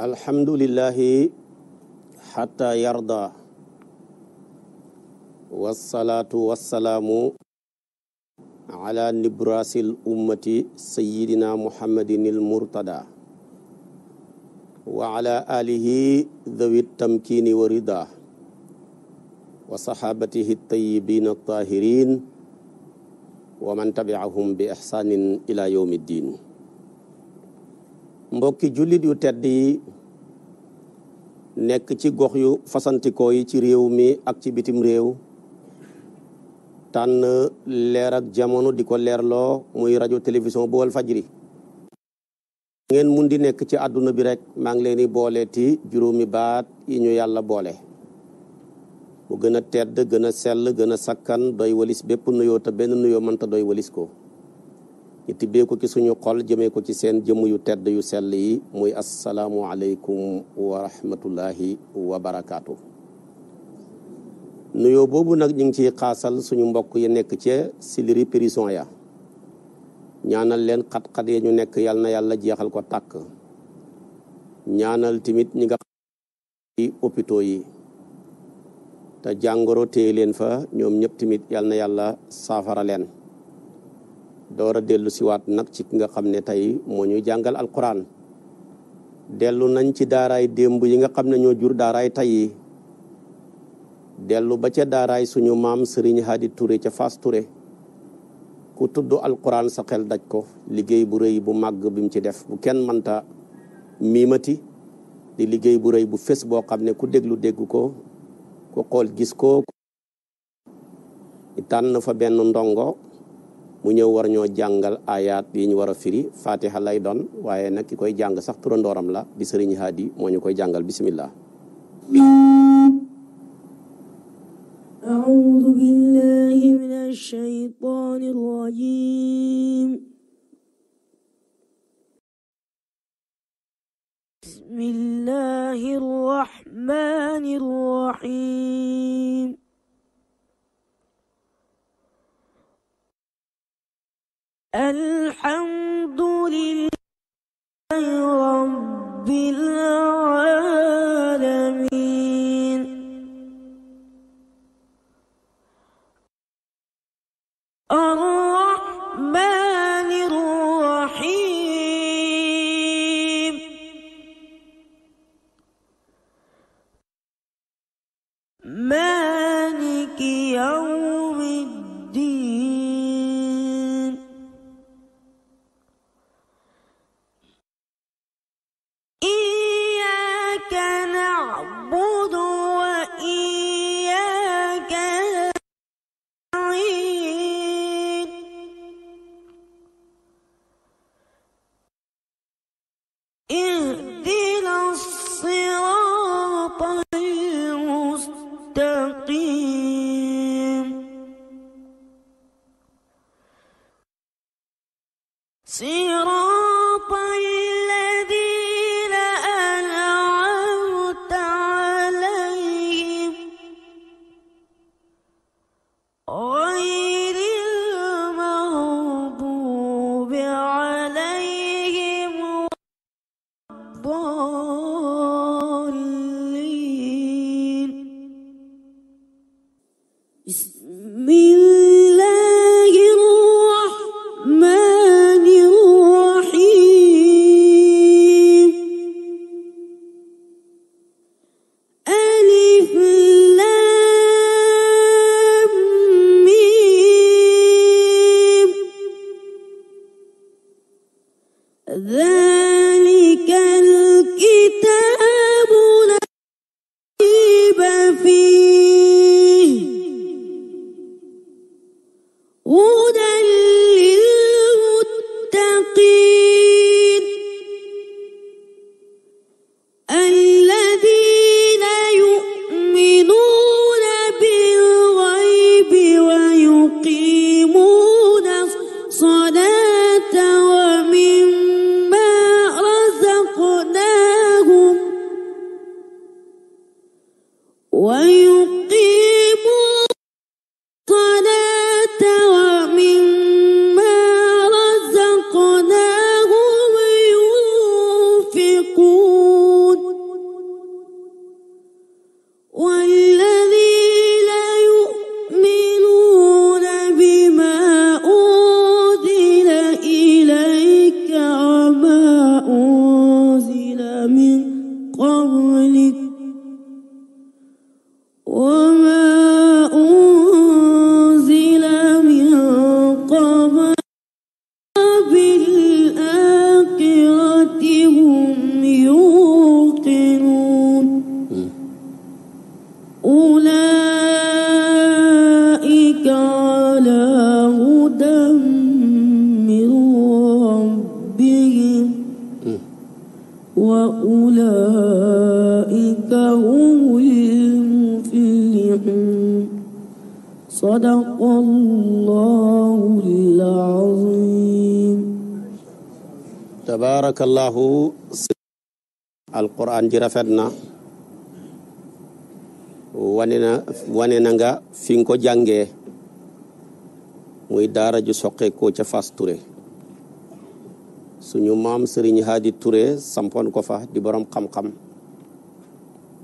alhamdulillahi xata yarda wassalaatu wassalaamu ala nibrasil ummati sayidina muhammadin il murtada wa ala alihi dhawi tamkini wa rida wa sahabatihi tayyibin at-tahirin wa man tabi'ahum bi ihsanin ila yawmi ddin mbokki jullit yu tedd yi nekk ci gox yu fasantikoo yi ci réew mi ak ci bitim réew tànn leer ak jamono di ko leerloo muy rajo télévision bool wal fajri ngeen mun di nekk ci àdduna bi rek maa ngi leen di booleeti juróomi baat yi ñu yàlla boole mu gën a tedd gën a sell gën a sakkan doy walis bépp nuyoo te benn nuyoo mënta doy walis ko ñu tibbee ko ci suñu xol jëmee ko ci seen jëmm yu tedd yu sell yi muy asalaamualeykum wa rahmatullahi wa barakaatu. nuyoo boobu nag ñu ngi ciy xaasal suñu mbokk yi nekk ci siliri prison ya ñaanal leen xat-xat yi ñu nekk yal na yàlla jeexal ko tàkk ñaanal timit ñi nga xam hôpitaux yi te jàngoro téye leen fa ñoom ñëpp timit yal na yàlla saafara leen. door a dellu siwaat nag ci ki nga xam ne tey moo ñuy jàngal alquran dellu nañ ci daaray démb yi nga xam ne ñoo jur daaraay tey dellu ba ca daaraay suñu maam sëriñ Hadi Touré ca Fass Touré ku tudd alquran sa xel daj ko liggéey bu rëy bu màgg bi ci def bu kenn mënta miimati di liggéey bu rëy bu fés boo xam ne ku déglu dégg ko ku xool gis ko tànn fa benn ndongo mu ñëw war ñoo jàngal ayaat yi ñu war a firi fatiha lay doon waaye nag ki koy jàng sax turandooram la di sëriñ haadi moo ñu koy jàngal bismillah الحمد لله رب العالمين أرى allahu alquran ji rafet na wane na wane na nga fi nga ko jàngee muy daara ju soqeekoo ca Fass Touré suñu maam Serigne Hadi Touré sampoon ko fa di borom xam-xam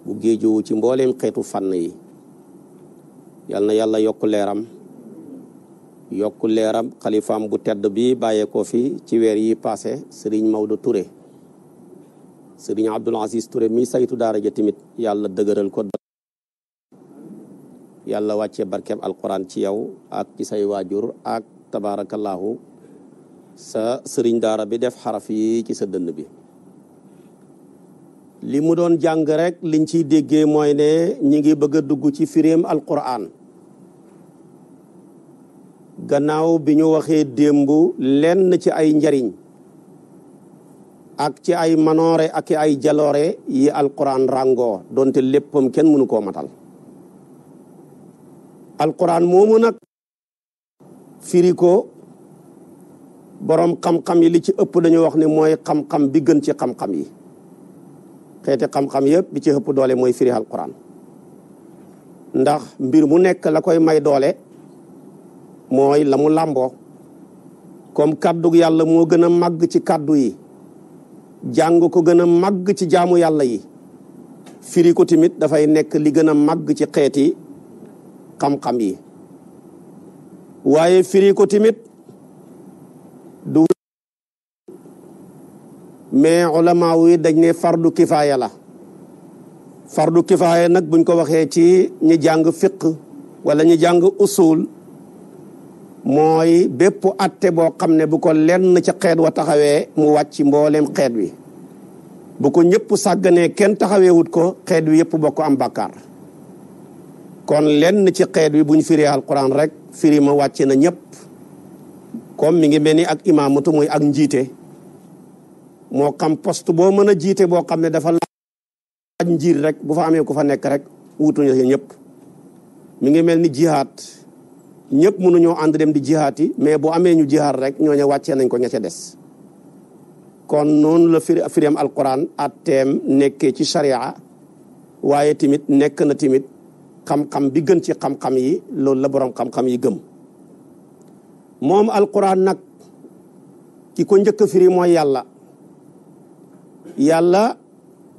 bu géejuwu ci mbooleem xeetu fànn yi yal na yàlla yokk leeram yokk leeram xalifaam bu tedd bi bàyyeekoo fi ci weer yi passé Serigne Maodo Touré sëriñ Abdul Aziz Touré mi saytu daara ja yàlla dëgëral ko yàlla wàccee barkeem alquran ci yow ak ci say waajur ak tabaarakallaahu sa sëriñ daara bi def xaraf yi ci sa dënn bi li mu doon jàng rekk liñ ciy déggee mooy ne ñi ngi bëgg a dugg ci firéem alquran gannaaw bi ñu waxee démb lenn ci ay njariñ ak ci ay manoore ak ay jaloore yi alquran rango donte léppam kenn mënu koo matal alquran moomu nag firi ko boroom xam-xam yi li ci ëpp dañu wax ni mooy xam-xam bi gën ci xam-xam yi xeeti xam-xam yëpp bi ci ëpp doole mooy firi alquran ndax mbir mu nekk la koy may doole mooy la mu làmboo comme kàddug yàlla moo gën a màgg ci kàddu yi jàng ko gën a màgg ci jaamu yàlla yi firi ko tamit dafay nekk li gën a màgg ci xeeti xam-xam yi waaye firi ko tamit du mais ulama yi dañ ne fardu kifaaya la fardu kifaaya nag buñ ko waxee ci ñi jàng fiq wala ñi jàng usul mooy bépp atte boo xam ne bu ko lenn ca xeet wa taxawee mu wàcc mbooleem xeet wi bu ko ñëpp sàgganee kenn taxaweewut ko xeet wi yëpp bokk am bàkkaar kon lenn ci xeet wi buñ firi alquran rek firi ma wàcc na ñëpp comme mi ngi mel ni ak imaamatu muy ak njiite moo xam boo mën a jiite boo xam ne dafa njiit rek bu fa amee ku fa nekk rek wutuñu ñëpp mi ngi mel ni jihaat ñëpp mënuñoo ànd dem di jihaat yi mais bu amee ñu jihaat rek ñooñu wàccee nañ ko ña ca des kon noonu la firi firim alquran atteem nekkee ci sharia waaye tamit nekk na tamit xam-xam bi gën ci xam-xam yi loolu la boroom xam-xam yi gëm moom alquran nag ki ko njëkk a firi mooy yàlla yàlla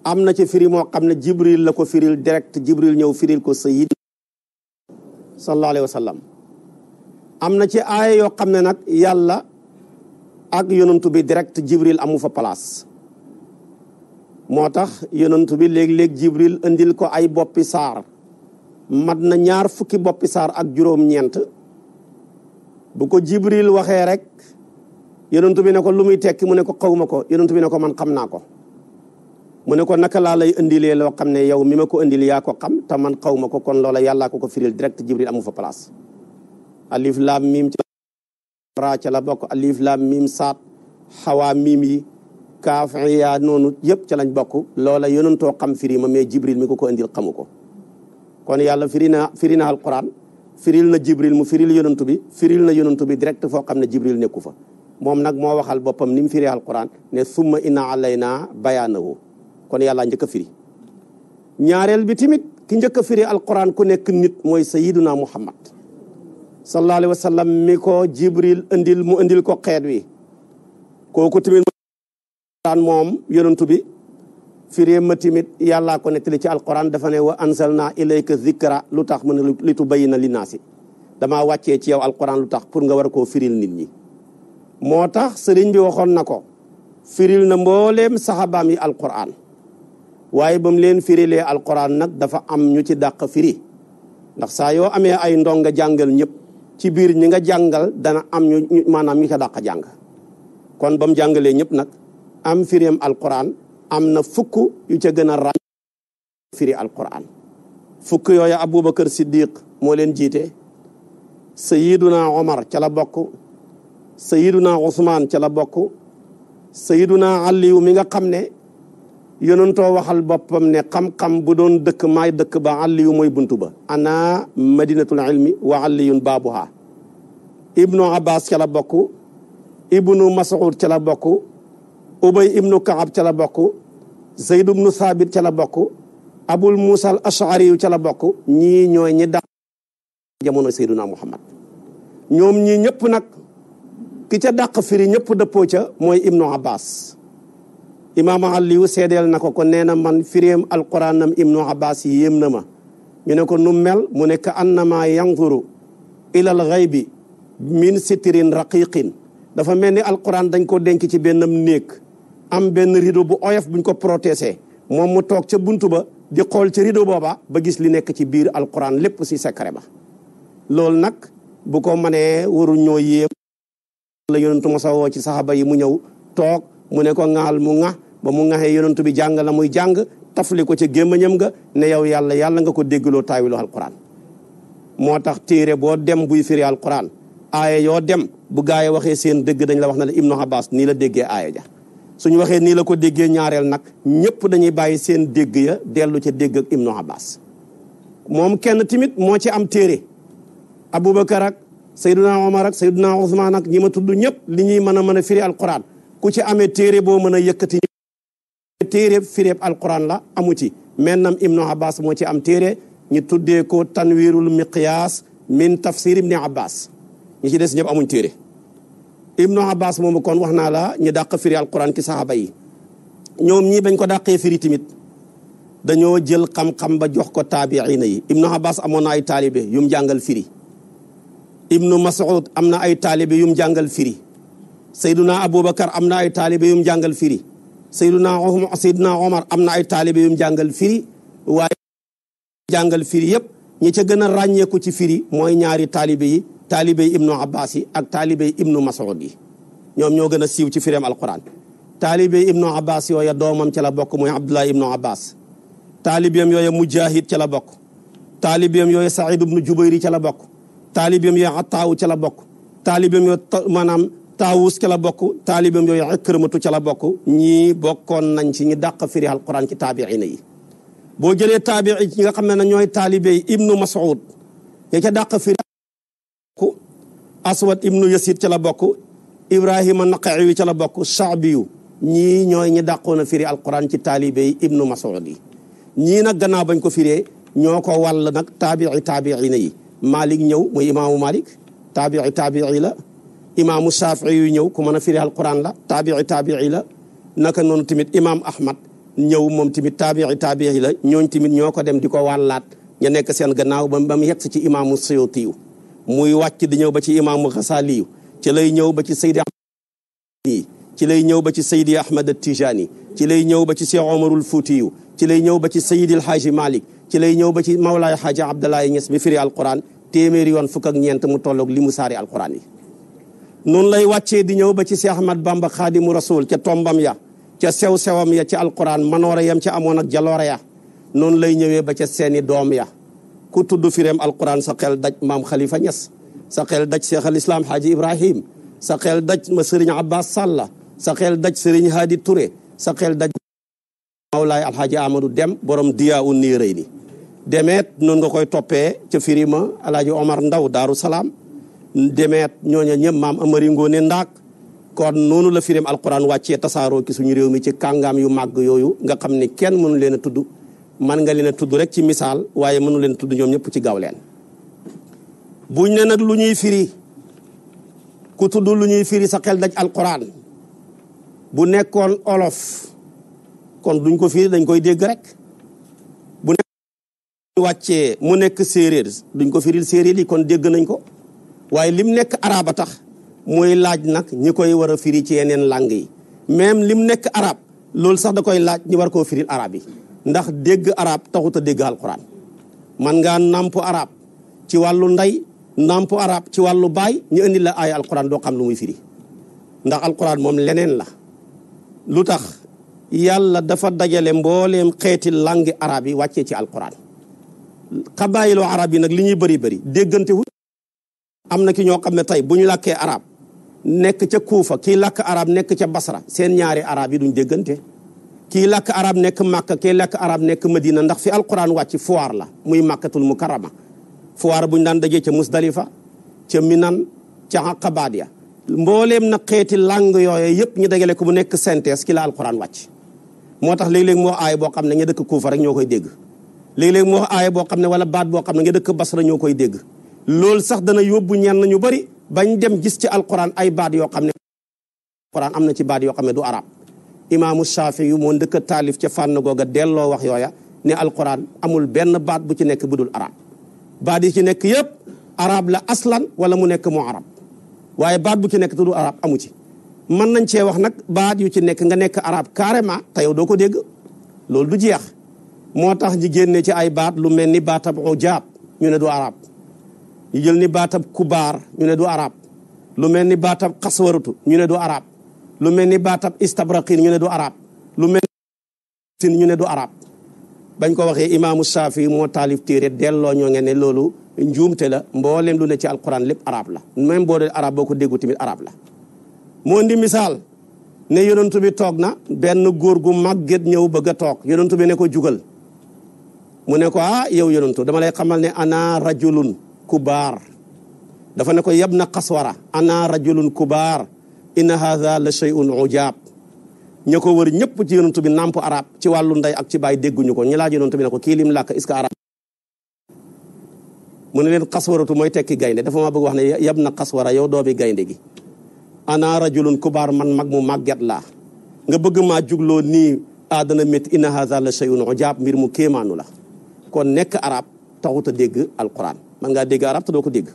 am na ci firi moo xam ne jibril la ko firil direct jibril ñëw firil ko sayid sallallahu alayhi am na ci aaya yoo xam ne nag yàlla ak yonantu bi direct jibril amu fa place moo tax yonantu bi léeg-léeg jibril indil ko ay boppi saar mat na ñaar fukki boppi saar ak juróom-ñeent bu ko jibril waxee rek yonantu bi ne ko lu muy tekki mu ne ko xawma ko yonantu bi ne ko man xam naa ko mu ne ko naka laa lay indilee loo xam ne yow mi ma ko indil yaa ko xam te man xawma ko kon loola yàllaa ko ko firil direct jibril amu fa place alif laam miim la bokk alif saat xawaa miim yi kaaf yaa noonu yëpp ca lañ bokk loola yonentoo xam firi ma mais jibril mi ko ko indil xamu ko kon yàlla firi na firi na alquran firil na jibril mu firil yonantu bi firil na yonantu bi direct foo xam ne jibril nekku fa moom nag moo waxal boppam ni mu firi alquran ne summa inna alayna bayaanahu kon yàlla njëkk a firi ñaareel bi tamit ki njëkk a firi alquran ku nekk nit mooy sayiduna muhammad sallallahu alayhi wa sallam mi ko jibril indil mu indil ko xeet wi kooku tamit daan moom yonentu bi firée ma timit yàllaa ko nettali ci alquran dafa ne wa anzalna ilayka zikra lu tax mu ne li tubayyina linnaasi damaa wàcce ci yow alquran lu tax pour nga war koo firil nit ñi moo tax sëriñ bi waxoon na ko firil na mbooleem saxabaam yi alquran waaye ba mu leen firilee alquran nag dafa am ñu ci dàq firi ndax saa yoo amee ay ndonga jàngal ñëpp ci biir ñi nga jàngal dana am ñu maanaam ñi ko dàq jàng kon ba jàngalee ñëpp nag am firim alquran am na fukk yu ca gën a ràññ firi alquran fukk yooyu aboubacar siddiq moo leen jiite sayiduna omar ca la bokk sayiduna ousmane ca la bokk sayiduna aliyu mi nga xam ne yonantoo waxal boppam ne xam bu doon dëkk maay dëkk ba àlliyu mooy bunt ba ana madinatul ilmi wa àlliyun baabuha ibnu abbas ca la bokk ibnu mas'ud ca la bokk ubay ibnu kaab ca la bokk zayd ibnu saabit ca la bokk abul musa al ashari yu ca la bokk ñii ñooy ñi dax jamono seyduna muhammad ñoom ñi ñëpp nag ki ca dàq firi ñëpp dëppoo ca mooy ibnu abbas imaam Aliou seedeel na ko ko nee na man firéem alquranam ibnu abbas yi yéem na ma ñu ne ko nu mel mu nekk annama yanzuru ilal bi min sitirin raqiqin dafa mel ni alquran dañ ko denk ci bennam néeg am benn rido bu oyof buñ ko protésé moom mu toog ca bunt ba di xool ca rido booba ba gis li nekk ci biir alquran lépp si secret ba loolu nag bu ko mënee waru ñoo yéem la yonentu mosa woo ci saxaba yi mu ñëw toog mu ne ko ŋaal mu ŋa ba mu ŋaxee yonantu bi jàng la muy jàng tafli ko ca gémmañam nga ne yow yàlla yàlla nga ko déggloo taawiloo alquran moo tax téere boo dem buy firi alquran aaya yoo dem bu gaa yi waxee seen dëgg dañ la wax ne la ibnu abbas nii la déggee aaya ja su ñu waxee nii la ko déggee ñaareel nag ñëpp dañuy bàyyi seen dégg ya dellu ci dégg ak ibnu abbas moom kenn tamit moo ci am téere aboubacar ak sayduna omar ak sayduna ousmane nag ñi ma tudd ñëpp li ñuy mën a mën a firi alquran téeréeb firéeb alquran la amu ci mennam ibnu abbas moo ci am téere ñu tuddee ko tanwirul miqyaas min tafsir ibni abbas ñi ci des ñëpp amuñ téere ibnu abbas moomu kon wax naa la ñu dàq firi alquran ci saxaaba yi ñoom ñii bañ ko dàqee firi tamit dañoo jël xam-xam ba jox ko taabiina yi ibnu abbas amoon na ay taalibe yum jàngal firi ibnu mas'ud am na ay taalibe yum jàngal firi sayduna aboubacar am na ay taalibe yum jàngal firi Seydina Seydina Omar am na ay taalibe yum jàngal firi waaye jàngal firi yëpp ñi ca gën a ràññeeku ci firi mooy ñaari taalibe yi taalibe yi ibnu abbas yi ak taalibe yi ibnu mas'ud yi ñoom ñoo gën a siiw ci fireem alquran taalibe yi ibnu abbas yooya doomam ca la bokk mooy abdullah ibnu abbas taalibeem yooya mujahid ca la bokk taalibeem yooya said ibnu jubayr ca la bokk taalibeem yooya ataaw ca la bokk taalibeem yooya maanaam taawus ca la bokk taalibam yooyu Ikrimatu ca la bokk ñii bokkoon nañ ci ñi dàq firi alquran ci taabiina yi boo jëlee taabii ci xam ne na ñooy taalibe yi ibnu Mas'ud ya ca dàq firi bokk Aswad ibnu Yasid ca la bokk Ibrahima Naqa'i ca la bokk Sha'biyu ñii ñooy ñi dàqoon a firi alquran ci taalibe yi ibnu Mas'ud yi ñii nag gannaaw bañ ko firee ñoo ko wàll nag taabii taabiina yi Malik ñëw muy imaamu Malik taabii taabii la imaamu Shafii yu ñëw ku mana a firi alquran la taabii taabii la naka noonu tamit imaam Ahmad ñëw moom tamit taabii taabii la ñooñ tamit ñoo ko dem di ko wàllaat ña nekk seen gannaaw ba mu yegg ci imaamu Suyuti yu muy wàcc di ñëw ba ci imaamu Xasali ci lay ñëw ba ci Seydi ci lay ñëw ba ci Seydi Ahmad Tijani ci lay ñëw ba ci Cheikh Omarul Fouti yu ci lay ñëw ba ci Seydi El Hadji Malick ci lay ñëw ba ci Mawlaay Hadji Abdoulaye Niass bi firi alquran téeméeri yoon fukk ak ñeent mu tolloog li mu saari alquran yi noonu lay wàccee di ñëw ba ci Seex Ahmad Bamba Xaadimu Rasul ca tombam ya ca sew-sewam ya ca alquran manoore yam ci amoon ak jaloore ya noonu lay ñëwee ba ca seeni doom ya ku tudd fireem alquran sa xel daj maam Khalifa Niass sa xel daj Seex al Islaam Haaji Ibrahim sa xel daj ma Sëriñ Abbas Sàlla sa xel daj Sëriñ Haadi Touré sa xel daj Mawlaay Alhaaji Amadou Dem borom diyaa u niiréy ni demeet noonu nga koy toppee ca firima Alaaji Omar Ndaw Daaru Salaam demeet ñooña ñëpp maam amari ngoone ndaak kon noonu la firim alquran wàccee tasaaroo ci suñu réew mi ci kàngaam yu màgg yooyu nga xam ni kenn mënu leen a tudd man nga leen tudd rek ci misaal waaye mënu leen tudd ñoom ñëpp ci gaaw leen buñ ne lu ñuy firi ku tudd lu ñuy firi sa xel daj alquran bu nekkoon olof kon duñ ko firi dañ koy dégg rek bu nekk wàccee mu nekk séeréer duñ ko firil séeréer yi kon dégg nañ ko waaye lim nekk araab a tax mooy laaj nag ñi koy war a firi ci yeneen langue yi même lim nekk arab loolu sax da koy laaj ñi war koo firi arab yi ndax dégg arab taxut a dégg alquran man ngaa nàmp arab ci wàllu nday namp arab ci wàllu baay ñu indi la ay alquran doo xam lu muy firi ndax alquran moom leneen la lu tax yàlla dafa dajale mbooleem xeeti langue arab yi wàccee ci alquran xabaayilu arab yi nag li ñuy bari bari déggante wu am na ki ñoo xam ne tey bu ñu làkkee arab nekk ca Kuufa kii làkk arab nekk ca Basra seen ñaari arab yi duñ déggante kii làkk arab nekk Màkka kii làkk arab nekk Madina ndax fi alquran wàcc fuwaar la muy màkkatul mukarrama fuwaar ñu daan dajee ca Musdalifa ca Minan ca baat ya mbooleem na xeeti langue yooyu yëpp ñu dajale ko mu nekk synthèse ki la alquran wàcc moo tax léeg-léeg mu wax aaya boo xam ne nga dëkk Kuufa ñoo koy dégg léeg-léeg mu wax boo xam ne wala baat boo xam ne nga dëkk Basra ñoo koy dégg loolu sax dana yóbbu ñenn ñu bari bañ dem gis ci alquran ay baat yoo xam ne alquran am na ci baat yoo xam ne du arab imaamu shaafi yu moo ndëkk a taalif ca fànn googa delloo wax yooya ne alquran amul benn baat bu ci nekk bu dul arab baat yi ci nekk yëpp arab la aslan wala mu nekk moo arab waaye baat bu ci nekk te arab amu ci mën nañ cee wax nag baat yu ci nekk nga nekk arab carrément te yow doo ko dégg loolu du jeex moo tax ñi génne ci ay baat lu mel ni baatab ujaab ñu ne du ñu jël ni baatab kubaar ñu ne du arab lu mel ni baatab xaswaratu ñu ne du arab lu mel ni baatab istabraqin ñu ne du arab lu mel sin ñu ne du arab bañ ko waxee imaamu saafi moo taalif téere delloo ñoo ngeen ne loolu njuumte la mboolem lu ne ci alquran lépp arab la même boo dee boo ko déggu tamit arab la moo ndi misaal ne yonentu toog na benn góor gu màgget ñëw bëgg a toog yonentu bi ne ko jugal mu ne ko ah yow yonentu dama lay xamal ne ana rajulun kubaar dafa ne ko yab na xaswara ana rajulun kubaar inna hadha la shay'un ujaab ña ko wër ñëpp ci yonent bi nàmp arab ci wàllu ndey ak ci baay dégguñu ko ñi laaj yonent bi ne ko kii lim làkk est mu ne leen xaswaratu mooy tekki gaynde dafa ma bëgg wax ne yab na xaswara yow doomi gaynde gi ana rajulun kubaar man mag mu màgget la nga bëgg maa jugloo nii aadana ah, métti inna hadha la shay'un ujaab mbir mu kéemaanu la kon nekk arab taxut a dégg alquran man ngaa dégg arab te doo ko dégg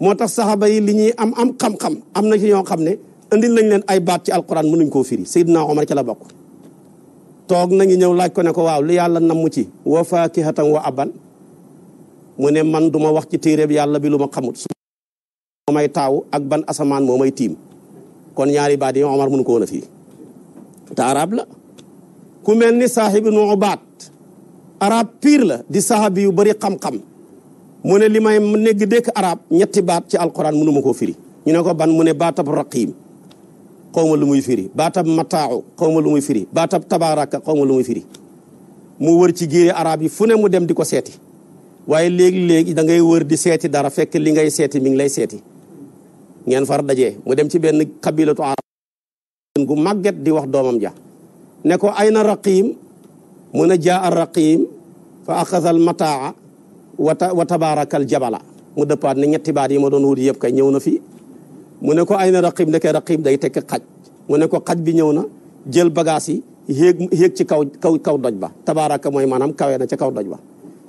moo tax saxaaba yi li ñuy am am xam-xam am na ci ñoo xam ne indi nañ leen ay baat ci alquran mënuñ koo firi Seydina Omar ca la bokk toog nañu ñëw laaj ko ne ko waaw li yàlla namm ci wa faakihatan wa aban mu ne man duma wax ci téeréb yàlla bi lu ma xamut su taaw ak ban asamaan may tiim kon ñaari baat yi Omar mënu ko woon ku mel ni saaxibu nu arab pire la di saxaabi yu bari xam mu ne li may négg dékk arab ñetti baat ci alquran mënu ma ko firi ñu ne ko ban mu ne baatab raqim xaw ma lu muy firi baatab mataaw xaw ma lu muy firi baatab tabaraka xaw ma lu muy firi mu wër ci giiri araab yi fu ne mu dem di ko seeti waaye léegi-léegi da ngay wër di seeti dara fekk li ngay seeti mi ngi lay seeti ngeen far daje mu dem ci benn kabilatu arab gu màgget di wax doomam ja ne ko ayna raqim mun a jaa a raqim fa axada al wata wa tabaarakal jabala mu dëppaat ne ñetti baat yi ma doon wut yëpp kay ñëw na fii mu ne ko ay na raqib ndeke raqib day tekk xaj mu ne ko xaj bi ñëw na jël bagage yi yéeg yéeg ci kaw kaw kaw doj ba tabaaraka mooy maanaam kawe na ca kaw doj ba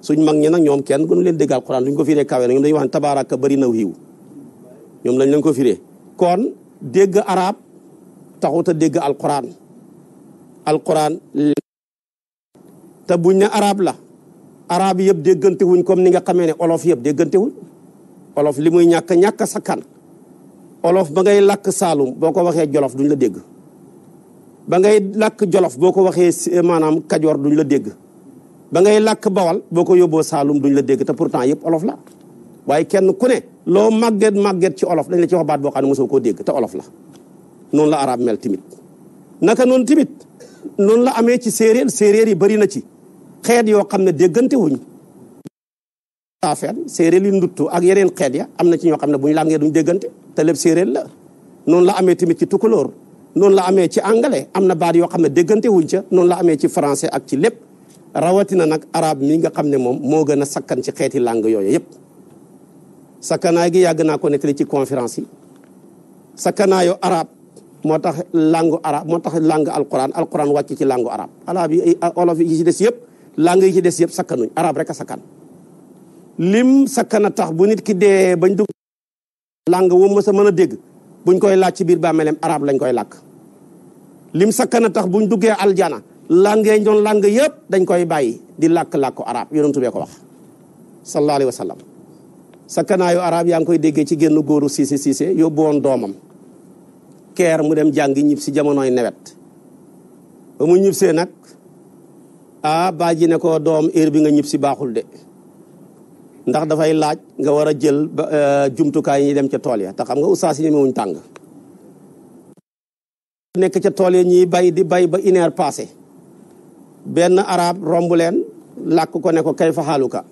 suñ mag ñi nag ñoom kenn gënu leen déggal Alxuraan lu ñu ko firee kawe na ñoom dañuy wax ne tabaaraka bëri na wiiw ñoom lañ leen ko fiire kon dégg arab taxut a dégg Alxuraan Alxuraan te buñ ne arab la arab yëpp déggante wuñ comme ni nga xamee ne olof yëpp déggante wuñ olof li muy ñàkk ñàkk sakkan olof ba ngay làkk saalum boo ko waxee jolof duñ la dégg ba ngay làkk jolof boo ko waxee eh, maanaam kajoor duñ la dégg ba ngay làkk bawal boo ko yóbboo saalum duñ la dégg te pourtant yëpp olof la waaye kenn ku ne loo màgget màgget ci olof dañ la ci wax baat boo xam ne mosoo koo dégg te olof la noonu la arab mel timit naka noonu timit noonu la amee ci séeréer séeréer yi bari na ci xeet yoo xam ne déggante wuñu saafeen séeréer yi nduttu ak yeneen xeet ya am na ci ñoo xam ne bu ñu làngee duñ déggante te lépp séeréer la noonu la amee tamit ci tukulóor noonu la amee ci anglais am na baat yoo xam ne déggante wuñ ca noonu la amee ci français ak ci lépp rawatina nag arab mi nga xam ne moom moo gën a sakkan ci xeeti làng yooyu yëpp sakkanaay gi yàgg naa ko nettali ci conférence yi sakkanaayu arab moo tax langue arab moo tax langue alquran alquran wàcc ci langue arab arab yi olof yi ci des yëpp langue yi ci des yëpp sakkanuñ arab rek a sakkan lim sakkana tax bu nit ki dee bañ dugg langue wu ma mën a dégg buñ koy laaj ci biir bàmmeelem arab lañ koy làkk lim sakkana tax buñ duggee aljana langue yi doon langue yëpp dañ koy bàyyi di làkk-làkku arab yonentu bee ko wax sallallahu alayhi wa sallam sakkanaayu arab yaa ngi koy déggee ci génn góoru siise siise yóbbu woon doomam keer mu dem jàngi ñib si jamonoy nawet ba mu ñib nag a baa ji ne ko doom heure bi nga ñib si baaxul de ndax dafay laaj nga war a jël e, jumtukaay yi dem ca tool ya te xam nga ustaas yi ñemewuñ tàng nekk ca tool ya ñiy bay di bay ba une heure passé benn arab romb leen lakk ko ne ko kay fa xaaluka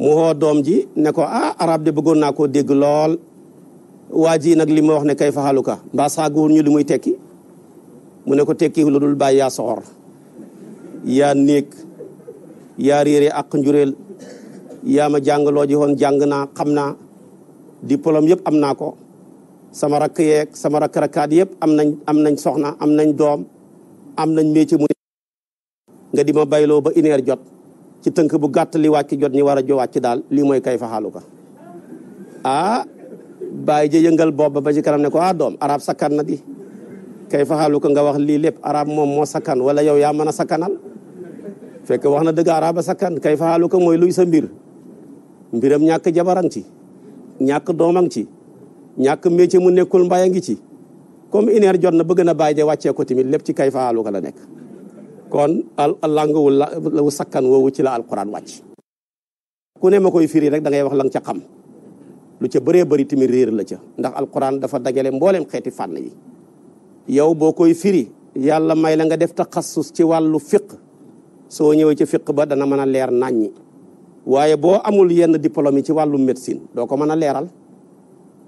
mu woo doom ji ne ko ah arab de bëggoon naa koo dégg lool waa ji nag li ma wax ne kay fa xaaluka mbaa saaguwul ñu li muy tekki mu ne ko tekki lu dul bàyyi yaa soxor yaa néeg yaa réere ak njureel yaa ma jàng loo ji woon jàng naa xam naa diplôme yëpp am naa ko sama rakk yeeg sama rakk rakkaat yëpp am nañ am nañ soxna am nañ doom am nañ métier mu nga di ma bayloo ba une jot ci tënk bu gàtt li wàcc jot ñi war a jo wàcc daal lii mooy kay fa xaalu aa ah bàyyi ja yëngal booba ba ci kanam ne ko ah doom arab sakkan na di kay fa xaalu nga wax lii lépp arab moom moo sakkan wala yow yaa mën a sakkanal fekk wax na dëgg araba sakkan kay faxaalu ko mooy luy sa mbir mbiram ñàkk jabarang ci ñàkk doomang ci ñàkk métier mu nekkul mbay a ngi ci comme une jot na bëgg na bàyyi de wàccee ko tamit lépp ci kay faxaalu ko la nekk kon al langu wu sakkan woowu ci la alquran wàcc ku ne koy firi rek da ngay wax lang ca xam lu ca bëree bëri tamit réer la ca ndax alquran dafa dagale mbooleem xeeti fànn yi yow boo koy firi yàlla may la nga def taxassus ci wàllu fiq soo ñëwee ci fiq ba dana mën a leer naññi waaye boo amul yenn diplôme ci wàllu médecine doo ko mën a leeral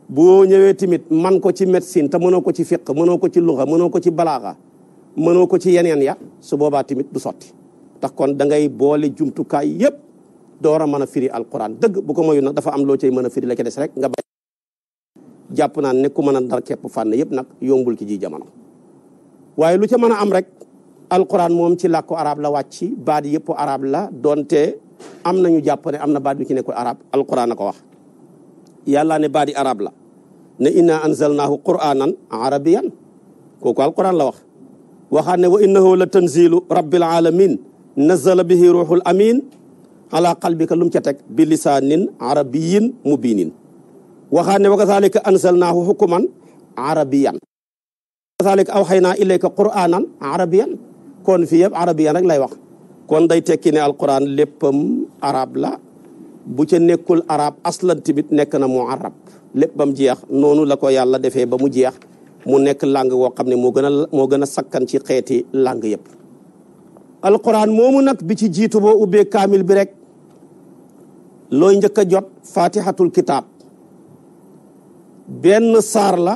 boo ñëwee tamit man ko ci médecine te mënoo ko ci fiq mënoo ko ci luxa mënoo ko ci balaaxa mënoo ko ci yeneen ya su boobaa tamit du sotti tax kon dangay ngay boole jumtukaay yëpp door a mën a firi alquran dëgg bu ko moyu nag dafa am loo cay mën a firi la ca des rek nga bay jàpp naa ne ku mën a dar képp fànn yëpp nag yombul ki ji jamono waaye lu ca mën a am rek alquran moom ci làkku arab la wàcc baat yëpp arab la donte am nañu jàpp ne am na baat bi ci nekkul arab alquran na ko wax yàlla ne baat yi arab la ne inna anzalnaahu quranan arabiyan kooku alquran la wax waxaat wa innahu la tanzilu rabbil alamin nazala bihi ruuxul amin ala qalbika lum ca teg bi lisaanin arabiyin mubinin waxaat ne wa kazalika anzalnaahu xukuman wa kazalika awxaynaa ilayka quranan arabiyan kon fii yëpp arabiyan rek lay wax kon day tekki ne alquran léppam arab la bu ca nekkul arab aslan tamit nekk na mu arab léppam jeex noonu la ko yàlla defee ba mu jeex mu nekk langue woo xam ne moo gën a moo gën a sakkan ci xeeti langue yëpp alquran moomu nag bi ci jiitu boo ubbee kaamil bi rek looy njëkk a jot fatihatul kitaab benn saar la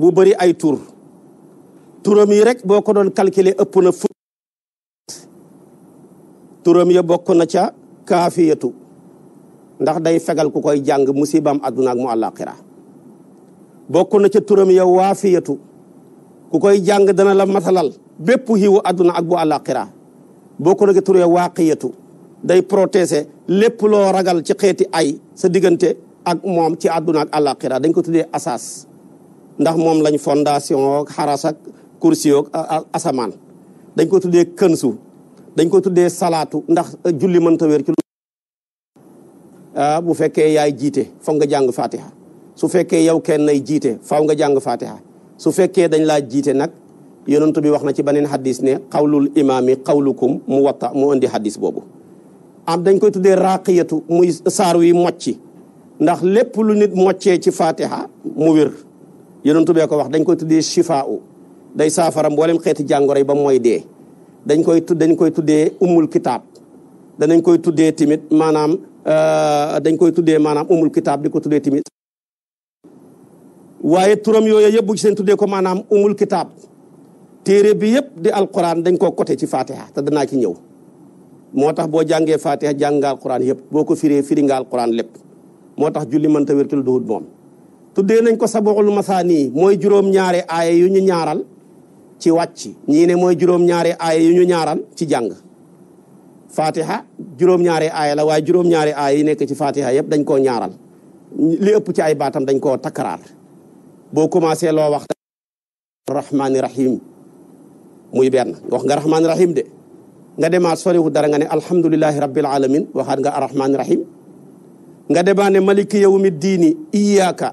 bu bari ay tur turam yi rek boo ko doon calculer ëpp na fu turam ya bokk na ca kaafiyatu ndax day fegal ku koy jàng musibam adduna ak mu àllaaxira bokk na ca turam ya waafiyatu ku koy jàng dana la matalal bépp xiwu adduna ak bu àllaaxira bokk na ca turam ya waaqiyatu day protéger lépp loo ragal ci xeeti ay sa diggante ak moom ci adduna ak àllaaxira dañ ko tuddee asaas ndax moom lañ fondation ak xaras kursi asamaan dañ ko tuddee kënsu dañ ko tuddee salaatu ndax euh, julli mënta wér ci ah, bu fekkee yaay jiite foog nga jàng fatiha su fekkee yow kenn nay jiite faaw nga jàng fatiha su fekkee dañ laa jiite nag yonentu bi wax na ci beneen hadis ne xawlul imaami xawlukum mu watta mu indi hadis boobu am dañ koy tuddee raqiyatu muy saar wi mocci ndax lépp lu nit moccee ci fatiha mu wér yenoon bee ko wax dañ koy tuddee shifaa day saafara mboolem xeeti jàngoro yi ba mooy dee dañ koy tud dañ koy tuddee umul kitaab danañ koy tuddee tamit maanaam euh, dañ koy tuddee maanaam umul kitaab di ko tuddee tamit waaye turam yooyu yëpp bu ci seen ko maanaam umul kitaab téere bi yëpp di alquran dañ koo côté ci fatiha te danaa ci ñëw moo tax boo jàngee fatiha jàng nga alquran yëpp boo ko firee firi nga alquran lépp moo tax julli mënta wértul duhut moom tuddee nañ ko saboxul masaani mooy juróom-ñaari aaya yu ñu ñaaral ci wàcc ñii ne mooy juróom-ñaari aaya yu ñu ñaaral ci jàng fatiha juróom-ñaari aaya la waaye juróom-ñaari aaya yi nekk ci fatiha yëpp dañ koo ñaaral li ëpp ci ay baatam dañ koo takkaraar boo commencé loo wax rahmaani rahim muy benn wax nga rahmaani rahim de nga demaat soriwul dara nga ne alhamdulilahi rabbil alamin waxaat nga arrahmaani rahim nga demaat ne maliki yawmi diini iyaaka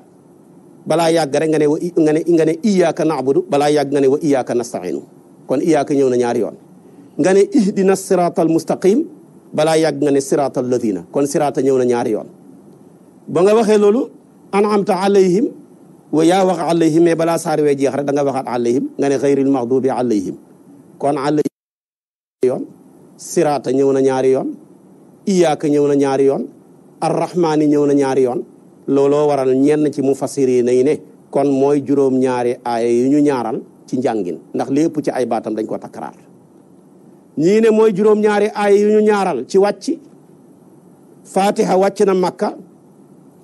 balaa yàgg rek nga ne wa nga ne nga ne iyyaka na'budu balaa yàgg nga ne wa iyyaka nasta'inu kon iyyaka ñëw na ñaari yoon nga ne ihdina siratal mustaqim balaa yàgg nga ne siratal ladina kon a ñëw na ñaari yoon ba nga waxee loolu an an'amta alayhim wa yaa wax alayhim mais balaa saar wee jeex rek da nga waxaat alayhim nga ne xayril maxdubi alayhim kon alayhim yoon sirata ñëw na ñaari yoon iyyaka ñëw na ñaari yoon arrahmaani ñëw na ñaari yoon looloo waral ñenn ci mufassiriin yi ne kon mooy juróom-ñaari aaya yu ñu ñaaral ci njàngin ndax lépp ci ay baatam dañ ko takkaraar ñii ne mooy juróom-ñaari aaya yu ñu ñaaral ci wàcc fatiha wàcc na makka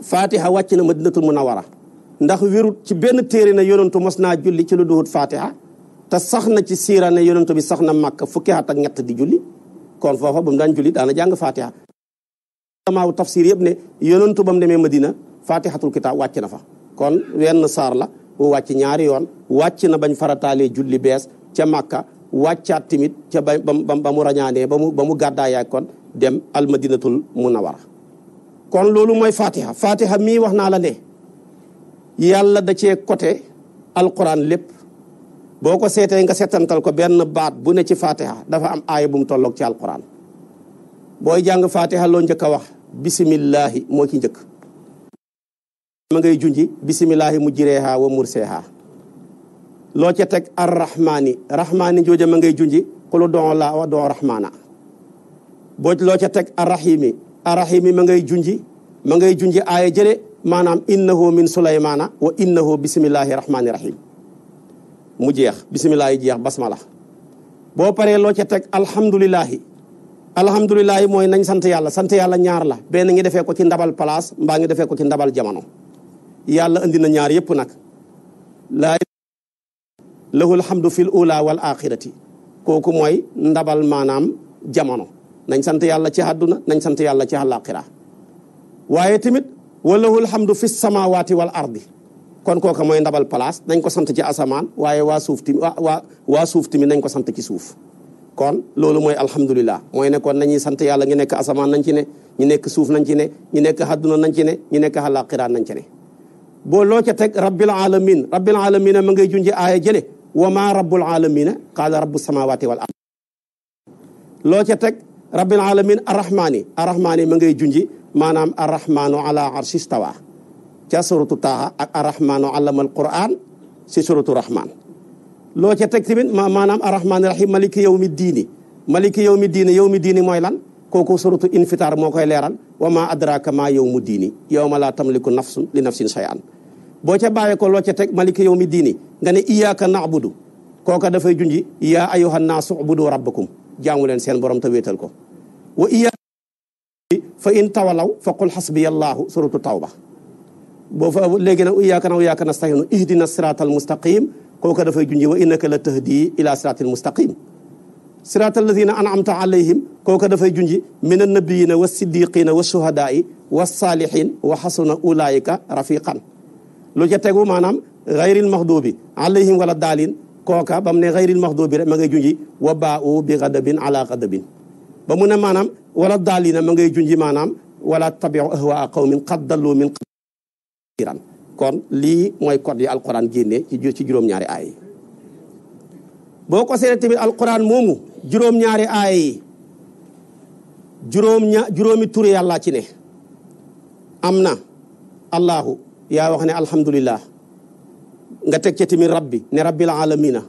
fatiha wàcc na madinatul wara ndax wérut ci benn téere ne yonentu mos naa julli ci lu duhut fatiha te sax na ci siira na yonentu bi sax na makka fukki at ak ñett di julli kon foofa ba daan julli daana jàng fatiha amaaw tafsir yëpp ne yonentu ba demee madina fatihatul kitab wàcc na fa kon wenn saar la wàcc ñaari yoon wàcc na bañ farataalee julli bees ca màkka wàccaat timit ca ba ba mu rañaanee ba mu ba mu gàddaayaay kon dem a munawara kon loolu mooy fatiha fatiha mii wax naa la ne yàlla da cee côté alquran lépp boo ko seetee nga setantal ko benn baat bu ne ci fatiha dafa am aaya bu mu tolloog ci alquran booy jàng fatiha loo njëkk a wax bisimillahi moo ci njëkk ma ngay junji bisimilahi mu jireeha wa murseeha loo ca teg ar rahmaani rahmaani jooja ma ngay junji xulu don laa wa don rahmaana boo loo ca teg ar rahimi ar rahimi ma ngay junji ma ngay junji aaya jële maanaam innahu min sulaymaana wa innahu bisimilahi rahmaani rahim mu jeex bisimilahi jeex basmala bo paree loo ca teg alhamdulilahi alhamdulilahi mooy nañ sant yàlla sant yàlla ñaar la benn ngi defee ko ci ndabal place mbaa ngi defee ko ci ndabal jamono yàlla indi na ñaar yépp nag laa lahul hamdu fil ula wal axirati kooku mooy ndabal maanaam jamono nañ sant yàlla ci àdduna nañ sant yàlla ci àllaaxira waaye tamit wa lahul hamdu fi samawaati wal ardi kon kooka mooy ndabal place nañ ko sant ci asamaan waaye waa suuf tamit waa waa suuf tamit nañ ko sant ci suuf kon loolu mooy alhamdulilah mooy ne kon nañuy sant yàlla ñu nekk asamaan nañ ci ne ñu nekk suuf nañ ci ne ñu nekk àdduna nañ ci ne ñu nekk àllaaxira nañ ci boo loo ca teg rabbil alamin rabbil alamina ma ngay junji aaya jële wa ma rabbul alamina qaala rabbu samawati wal ard loo ca teg rabbil alamin arrahmani arrahmani ma ngay junji maanaam arrahmanu ala arshi stawa ca suratu taaha ak arrahmanu allama alquran si suratu rahman loo ca teg tamit maanaam arrahmani rahim maliki yawmi diini maliki yawmi diini yawmi diini mooy lan kooku suratu infitaar moo koy leeral wa ma adraka ma yow mu diini yow ma laa tamliku nafsun li nafsin shay'an boo ca bàyyee ko loo ca teg maliki yow mi diini nga ne iyyaka na'budu kooka dafay junji yaa ayyuhan naasu ubudu rabbakum jaamu leen seen borom te wéetal ko wa iyyaka fa in tawalaw fa qul hasbiyallahu suratu tawba boo fa léegi nag iyyaka na wa iyyaka nasta'in ihdina siratal mustaqim kooka dafay junji wa innaka la tahdi ila siratil mustaqim siraatal lazina an'amta alayhim kooka dafay junji min annabiyina wa siddiqina wa shuhadaai wa saalihin wa xasuna ulaayika rafiqan lu ca tegu maanaam xayril maxduubi alayhim wala daalin kooka ba mu ne xayril maxduubi rek ma ngay junji wa baa'u bi xadabin ala xadabin ba mu ne maanaam wala daalina ma ngay junji maanaam wala tabiu ahwaa qawmin qad dallu min kon lii mooy code yi alquran génne ci ci juróom-ñaari aay boo ko seetee tamit alquran moomu juróom-ñaari aaya juróom juróomi turi yàlla ci ne am na allahu yaa wax ne alhamdulillah nga teg ca tamit rabbi ne rabbil alamina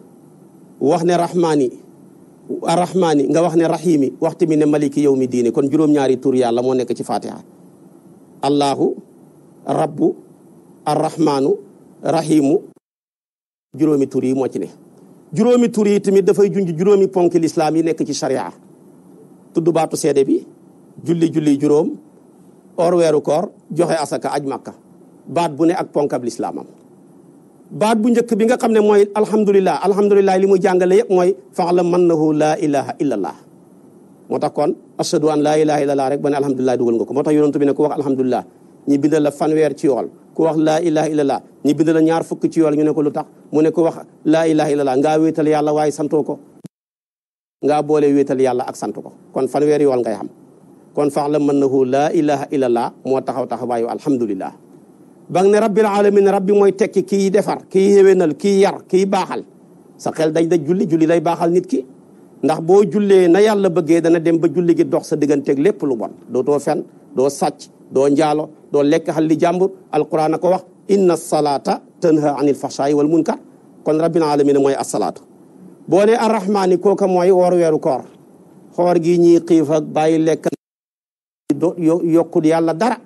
wax ne rahmaani arrahmaani nga wax ne rahimi wax tamit ne maliki yawmi diini kon juróom-ñaari turi yàlla moo nekk ci fatiha allahu rabbu arrahmaanu rahimu juróomi tur yi moo ci ne juróomi tur yi tamit dafay junj juróomi ponk lislaam yi nekk ci charia tudd baatu seede bi julli julli juróom or weeru koor joxe asaka aj makka baat bu ne ak ponkab lislaamam baat bu njëkk bi nga xam ne mooy alhamdulilah alhamdulilah li muy jàngale yëpp mooy la man na laa ilaha illa allah moo tax kon ashadu an laa ilaha illa allah rek ba ne alhamdulilah dugal nga ko moo tax yonent bi ne ko wax alhamdulilah ñi bindal la fanweer ci yool ku wax laa ilaha illallah ñu bind la ñaar fukk ci yool ne ko lu tax mu ne ko wax laa ilaha illallah ngaa wéetal yàlla waaye santoo ko ngaa boole wetal yàlla ak sant ko kon fanweeri yool ngay xam kon fax la mën na hu laa ilaha illallah moo taxaw taxawaayu alhamdulillah ba nga ne rabbil alamin rabbi mooy tekki kii defar ki yéwénal kii yar kii baaxal sa xel daj da julli julli lay baaxal nit ki ndax boo jullee na yàlla bëggee dana dem ba julli gi dox sa digganteeg lépp lu bon dootoo fen doo sàcc doo njaalo doo lekk xal li jàmbur alquran a ko wax inna salata tanha anil fahsha'i wal munkar kon rabbil alamin mooy asalaatu boo ne arrahmaani kooka mooy wor weeru koor xoor gi ñii xiif ak bàyyi lekk yokkut yàlla dara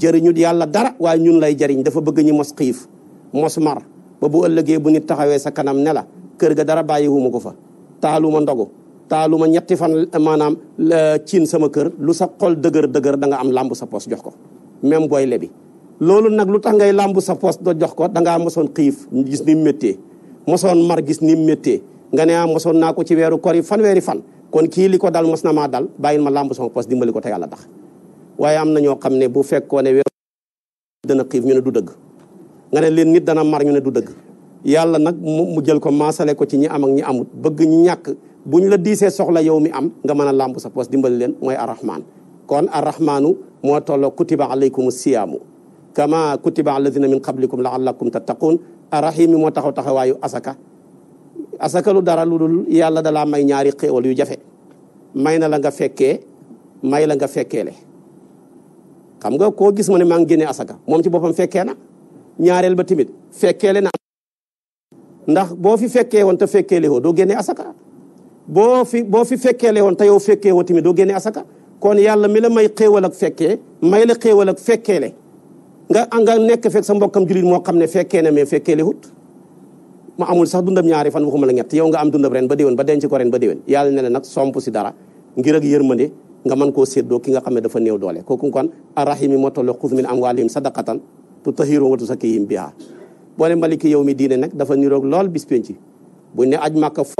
jëriñut yàlla dara waaye ñun lay jariñ dafa bëgg ñu mos kiif mos mar ba bu ëllëgee bu nit taxawee sa kanam ne la kër ga dara bàyyi wuma ko fa taaluma ndogu taaluma ñetti fan maanaam ciin sama kër lu sa xol dëgër dëgër da nga am làmb sa poos jox ko même booy lebi. loolu nag lu tax ngay làmbu sa poos do jox ko da ngaa mosoon xiif gis ni mu méttee mosoon mar gis ni mu méttee nga ne am ah, mosoon naa ko ci weeru kor fanweeri fan. kon kii li ko dal mos na maa dal bàyyil ma làmbu sama poos dimbali ko te yàlla tax waaye am na ñoo xam ne bu fekkoon ne weeru dana xiif ñu ne du dëgg nga ne leen nit dana mar ñu ne du dëgg. yàlla nag mu jël ko maasale ko ci ñi am ak ñi amut bëgg ñi ñàkk bu ñu la diisee soxla yow mi am nga mën a làmb sa poos dimbali leen mooy arrahman kon arrahmaanu moo tolloo kutiba alaykum siyaamu kama kutiba alladina min qablikum laallakum tattaqun arrahim moo taxaw taxawaayu asaka asaka lu dara lu dul yàlla dalaa may ñaari xéewal yu jafe may na la nga fekkee may la nga fekkeele xam nga koo gis mu ne maa ngi génne asaka moom ci boppam fekkee na ñaareel ba tamit fekkeele na ndax boo fi fekkee woon te fekkeele doo génne asaka boo boo fi fekkeele woon te yow fekkee woo tamit doo génne asaka kon yàlla mi la may xéewal ak fekkee may la xéewal ak fekkee le nga nga nekk fekk sa mbokkam jullit moo xam ne fekkee na mais fekkee le hut ma amul sax dundam ñaari fan waxuma la ñett yow nga am dundam ren ba déwén ba denc ko ren ba déwén yàlla ne la nag somp si dara ngir ak yërmande nga mën koo séddoo ki nga xam ne dafa néew doole kooku kon arrahimi moo tolloo xuz min amwaalihim sadaqatan tutahhiruhum wa tuzakkihim bihaa boo ne maliki yow mi diine nag dafa niroog lool bis penci buñ ne aj màkka fo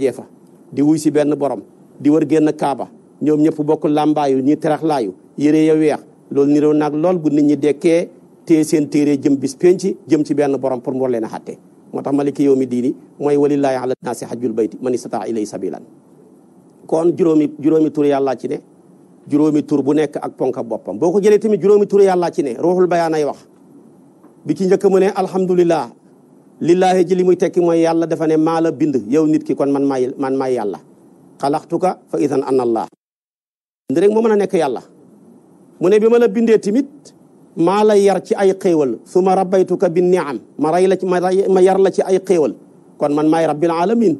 jeefa di wuy si benn borom di wër génn kaaba ñoom ñëpp bokk làmbaayu ñi teraxlaayu yére ya weex loolu niroo nag lool bu nit ñi dekkee téye seen téere jëm bis penc jëm ci benn borom pour mu war leen a moo tax maliki yawmi diini mooy walillaahi ala naasi hajjul bayti man istataa ilay sabilan kon juróomi juróomi tur yàlla ci ne juróomi tur bu nekk ak ponka boppam boo ko jëlee tamit juróomi tur yàlla ci ne ruuxul bayaan ay wax bi ci njëkk mu ne alhamdulillah lillaahi ji li muy tekki mooy yàlla dafa ne maa la bind yow nit ki kon man maay man maay yàlla xalaxtuka fa idan ana allah ndi rek moo mën a nekk yàlla mu ne bi ma la bindee tamit maa la yar ci ay xéewal suma rabbaytuka bi niam ma ray la ci ma yar la ci ay xéewal kon man maay rabbil alamin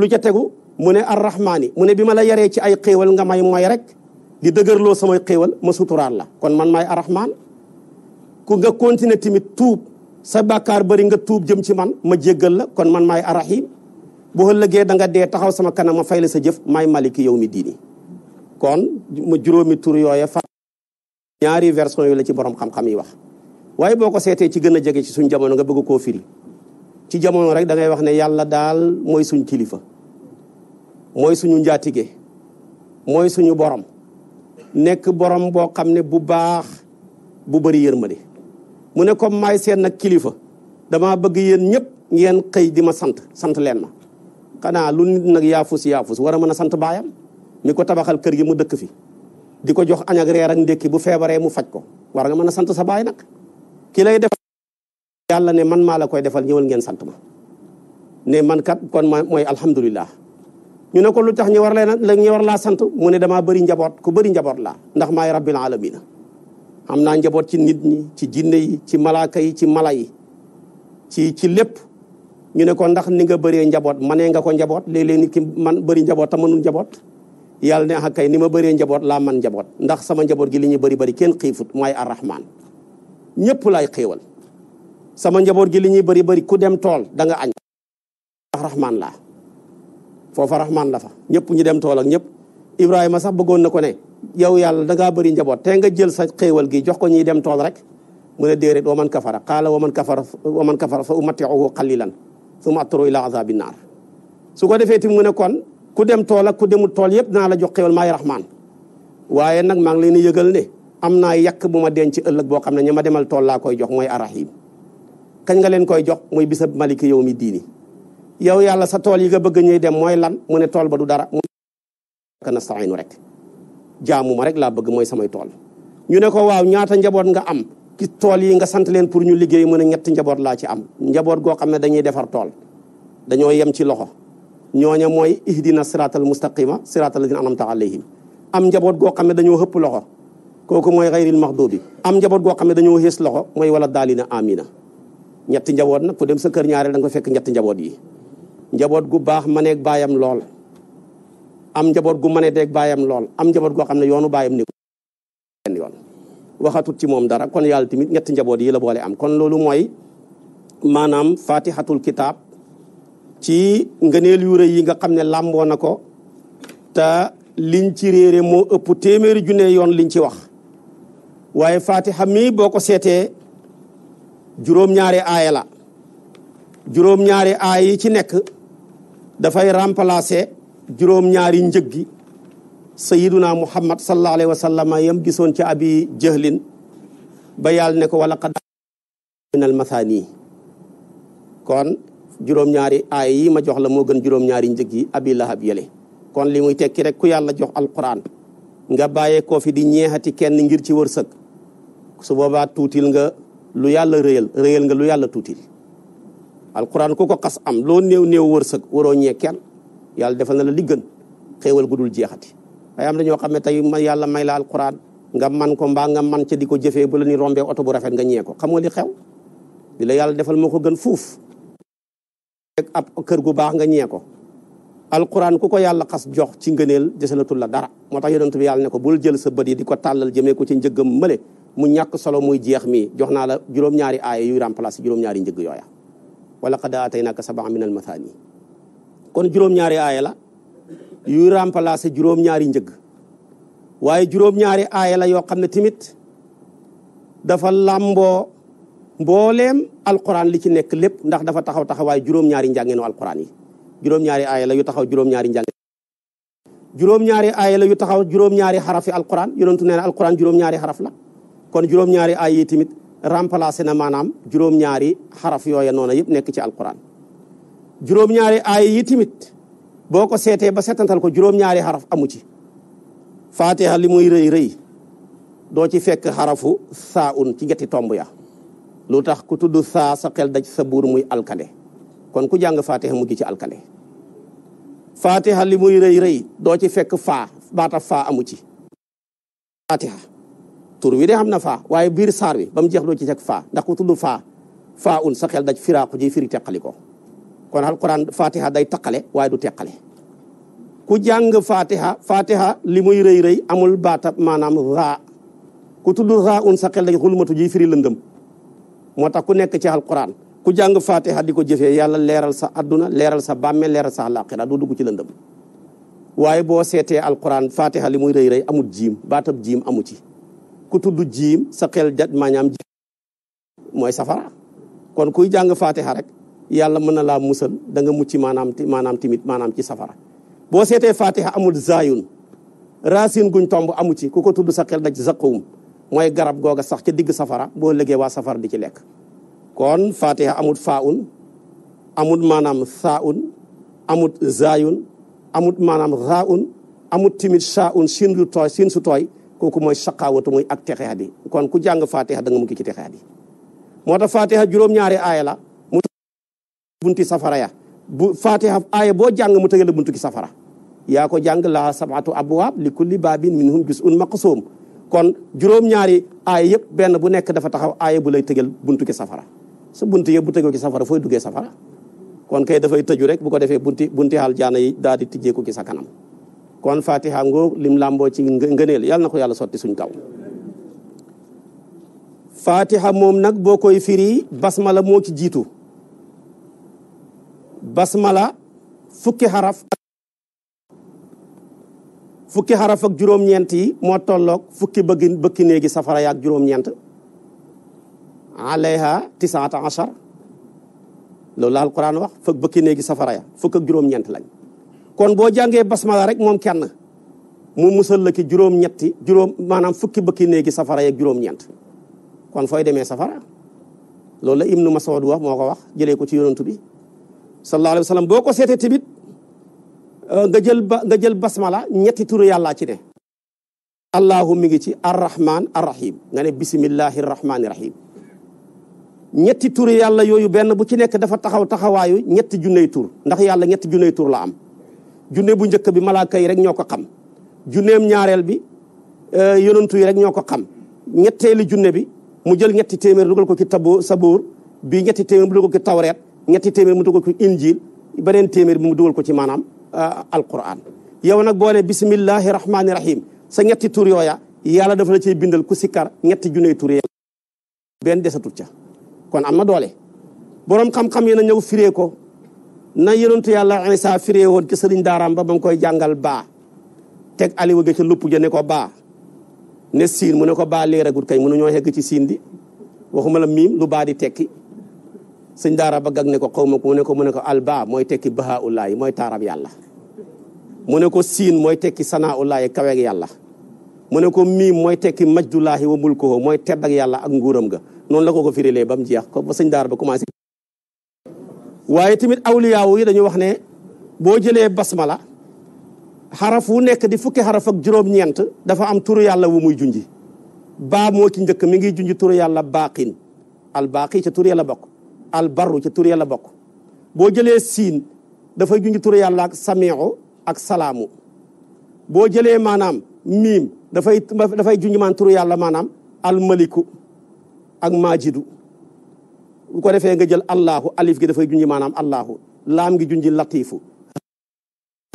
lu ca tegu mu ne arrahmaani mu ne bi ma la yaree ci ay xéewal nga may mooy rek di dëgër loo samay xéewal ma suturaal la kon man may arrahmaan ku nga continuer tamit tuub sa bàkkaar bari nga tuub jëm ci man ma jéggal la kon man maay arrahim bu ëllëgee da nga dee taxaw sama kanam ma fay la sa jëf maay malik yow mi diini kon ma juróomi tur yooya ñaari version yu la ci borom xam-xam yi wax waaye boo ko seetee ci gën a jege ci suñ jamono nga bëgg koo firi ci jamono rek da ngay wax ne yàlla daal mooy suñ kilifa mooy suñu njaatige mooy suñu borom nekk boroom boo xam ne bu baax bu bëri yërmande mu ne comme may seen nag kilifa dama bëgg yéen ñëpp ngeen xëy di ma sant sant leen ma xanaa lu nit nag yaafus yaafus war a mën a sant baayam mi ko tabaxal kër gi mu dëkk fi di ko jox añ ak reer ak ndékki bu feebaree mu faj ko war nga mën a sant sa baay nag ki lay def yàlla ne man maa la koy defal ñëwal ngeen sant ma ne man kat kon ma mooy alhamdulillah ñu ne ko lu tax ñu war leen la ñu war laa sant mu ne damaa bëri njaboot ku bari njaboot laa ndax maay rabbil alamina am naa njaboot ci nit ñi ci jinne yi ci malaaka yi ci mala yi ci ci lépp ñu ne ko ndax ni nga bëree njaboot ma manee nga ko njaboot léeg-léeg ki man bëri njaboot mënul njaboot yàlla ne xakkay ni ma bëree njaboot laa man njaboot ndax sama njaboot gi li ñu bëri bëri kenn xiifut mooy arrahman ñëpp lay xéewal sama njaboot gi li ñuy bari bari ku dem tool danga nga añ ndax rahman laa foofa rahman la fa ñëpp ñu dem tool ak ñëpp ibrahima sax bëggoon na ko ne yow yàlla da ngaa bëri njaboot te nga jël sa xéewal gi jox ko ñuy dem tool rek mu ne déedéet waman kafara qaala waman kafara waman kafara fa umatiuhu qalilan suma atturu ila azabi naar su ko defee tim mu ne kon ku dem tool ak ku demul tool yëpp dinaa la jox xéwal maay raxmaan waaye nag maa ngi leen di yëgal ne am naa yàq bu ma denc ëllëg boo xam ne ña ma demal tool laa koy jox mooy arahim kañ nga leen koy jox muy bisab maliki yow mi diini yow yàlla sa tool yi nga bëgg ñuy dem mooy lan mu ne tool ba du dara mu kana saaynu rek jaamu rek laa bëgg mooy samay tool ñu ne ko waaw ñaata njaboot nga am ci tool yi nga sant leen pour ñu liggéey mu ne ñetti njaboot laa ci am njaboot goo xam ne dañuy defar tool dañoo yem ci loxo ñooña mooy ihdina siraatal mustaqima siraatal ladina anamta alayhim am njaboot goo xam ne dañoo xëpp loxo kooku mooy xayril maxdubi am njaboot goo xam ne dañoo xees loxo mooy wala daalina amina ñetti njaboot na ku dem sa kër ñaareel da fekk ñetti njaboot yi njaboot gu baax maneeg baayam lool am njaboot gu mane deeg baayam lool am njaboot goo xam ne yoonu baayam ni benn yoon waxatut ci moom dara kon yàlla tamit ñetti njaboot yi la boole am kon loolu mooy maanaam fatihatul kitab ci ngëneel yu yi nga xam ne làmboo na ko te liñ ci réere moo ëpp téeméeri junne yoon liñ ci wax waaye fatiha mi boo ko seetee juróom-ñaari aaya la juróom-ñaari aaya yi ci nekk dafay remplacer juróom-ñaari njëg gi sayiduna muhammad sallallahu alayhi wa sallam yam gisoon ci abi jëhlin ba yàlla ne ko wala qad min al mathani kon juróom-ñaari aay yi ma jox la moo gën juróom-ñaari njëg yi abi lahab yële kon li muy tekki rek ku yàlla jox alquran nga bàyyee koo fi di ñeexati kenn ngir ci wërsëg su boobaa tuutil nga lu yàlla rëyal rëyal nga lu yàlla tuutil alquran ku ko xas am loo néew néew wërsëg waroo ñee kenn yàlla defal na la li gën xéewal gu dul jeexati ay am na ñoo xam ne tey ma yàlla may la alquran nga man ko mbaa nga man ca di ko jëfee bu la ni rombee oto bu rafet nga ñee ko xam nga gën fuuf ab kër gu baax nga ñee ko ku ko yàlla xas jox ci ngëneel desalatul la dara moo tax yonent bi yàlla ne ko bul jël sa bët yi di ko tàllal jëmee ko ci njëg njëggam mële mu ñàkk solo muy jeex mi jox naa la juróom-ñaari aaya yuy remplacé juróom-ñaari njëg yooya wala qad aataynaka sab'an min al-mathani kon juróom-ñaari aaya la yuy remplacé juróom-ñaari njëgg waaye juróom-ñaari aaya la yoo xam ne tamit dafa làmboo mbooleem alquran li ci nekk lépp ndax dafa taxaw taxawaay juróom-ñaari njàngeenu alquran yi juróom-ñaari aaya la yu taxaw juróom-ñaari njàngeen juróom-ñaari aaya la yu taxaw juróom-ñaari xarafi alquran yonentu nee na alquran juróom-ñaari xaraf la kon juróom-ñaari aaya yi tamit remplacé na maanaam juróom-ñaari xaraf yooya noona yëpp nekk ci alquran juróom-ñaari aaya yi tamit boo ko seetee ba seetantal ko juróom-ñaari xaraf amu ci fatiha li muy rëy rëy doo ci fekk xarafu saa ci ñetti tomb ya lu tax ku tudd saa sa xel daj sa buur muy alkande kon ku jàng faate mu ngi ci alkande fatiha li muy rëy rëy doo ci fekk faa baata faa amu ci fatiha tur wi de xam na faa waaye biir saar wi ba mu jeex doo ci fekk faa ndax ku tudd faa faa un sa xel daj firaaku ji firi teqali ko kon alquran fatiha day taqale waaye du teqale ku jàng fatiha fatiha li muy rëy rëy amul baata maanaam raa ku tudd raa un sa xel daj xulmatu ji firi lëndëm moo tax ku nekk ci alquran ku jàng fatiha di ko jëfee yàlla leeral sa adduna leeral sa bàmme leeral sax àllaaxira doo dugg ci lëndëm waaye boo seetee alquran fatiha li muy rëy rëy amut jiim baatab jiim amu ci ku tudd jiim sa xel jat maanaam mooy safara kon kuy jàng fatiha rek yàlla mën na laa musal da nga mucc maanaam maanaam timit maanaam ci safara boo seetee fatiha amul zaayun racine guñ tomb amu ci ku ko tudd sa xel daj zaqum mooy garab googa sax ca digg safara boo leggee waa safara di ci lekk kon fatiha amut faun amut maanaam thaun amut zayun amut maanaam raun amut timit saun sin lu tooy sin su tooy kooku mooy saqaawatu muy ak texeex di kon ku jàng fatiha danga mu mukki ci texeex bi moo tax fatiha juróom-ñaari aaya la mu bunti safara ya bu fatiha aaya boo jàng mu tëgale buntu ki safara yaa ko jàng la ab abwaab li kulli baabin minhum juz'un maqsuum kon juróom-ñaari aaya yëpp benn bu nekk dafa taxaw aaya bu lay tëgal buntu ki safara sa buntu yëpp bu tëgoo ki safara fooy duggee safara kon kay dafay tëju rek bu ko defee bunti bunti xaal jaana yi daal di tijjeeku ki sa kanam kon fatiha ngoo lim làmboo ci ngëneel yàlla na ko yàlla sotti suñ kaw fatiha moom nag boo koy firi mala moo ci jiitu basmala fukki xaraf fukki xaraf ak juróom-ñeent yi moo tolloog fukki bëgg bëkki néegi safara yaak juróom-ñeent alayha tisaata achar loolu la alquran wax fukk bëkki néegi safara ya fukk ak juróom-ñeent lañ kon boo jàngee basmala rek moom kenn mu musal la ki juróom-ñetti juróom maanaam fukki bëkki néegi safara yaak juróom-ñeent kon fooy demee safara loolu nu ma Mas'ud wax moo ko wax jëlee ko ci yonantu bi sallallahu alayhi wa boo ko seetee tamit Euh, nga jël ba nga jël basmala ñetti turu yàllaa ci ne allahu mi ngi ci arrahman arrahim nga ne bisimillahi rahmani rahim ñetti turu yàlla yooyu benn bu ci nekk dafa taxaw taxawaayu ñetti junney tur ndax yàlla ñetti junney tur la am junne bu njëkk bi malaaka yi rek ñoo ko xam junneem ñaareel bi euh, yonantu rek ñoo ko xam ñetteelu junne bi mu jël ñetti téeméer dugal ko ci tabo sabuur bi ñetti téeméer mu dugal ko ci tawreet ñetti téeméer mu dugal ko injil beneen téeméer bi mu dugal ko ci maanaam Euh, alquran yow nag boo ne bismillahi rahmaani rahim sa ñetti tur yooya yàlla dafa na cey bindal ku sikkar ñetti juney tur yee benn desatul ca kon am na doole boroom xam-xam yi na ñëw firee ko na yonentu yàlla Iisaa firee woon ci sëriñ daaraam ba ba mu koy jàngal baa teg aliwa ga ca lupp ja ne ko baa ne siin mu ne ko baa leeragut kay mënu ñoo hegg ci siin di waxuma la miim lu baa di tekki sëñ daara ba gag ne ko xaw ma ko mu ne ko mu ne ko alba mooy tekki bahaullaay mooy taarab yàlla mu ne ko siin mooy tekki sanaullaay kaweeg yàlla mu ne ko miim mooy tekki majdullaahi wa mulko mooy tedd ak yàlla ak nguuram ga noonu la ko ko firilee ba mu jeex ko ba sëñ daara ba commencé waaye tamit awliyaawu yi dañu wax ne boo jëlee basmala xaraf wu nekk di fukki xaraf ak juróom-ñeent dafa am turu yàlla wu muy junji baa moo ci njëkk mi ngi junji turu yàlla baaqin al baaqi ca turu yàlla bokk al barru ci tur yàlla bokk boo jëlee siin dafay junj tur yàlla ak samiu ak salaamu boo jëlee maanaam miim dafay dafay junj maan tur yàlla maanaam al maliku ak majidu bu ko defee nga jël allahu alif gi dafay junj maanaam allahu laam gi junj latifu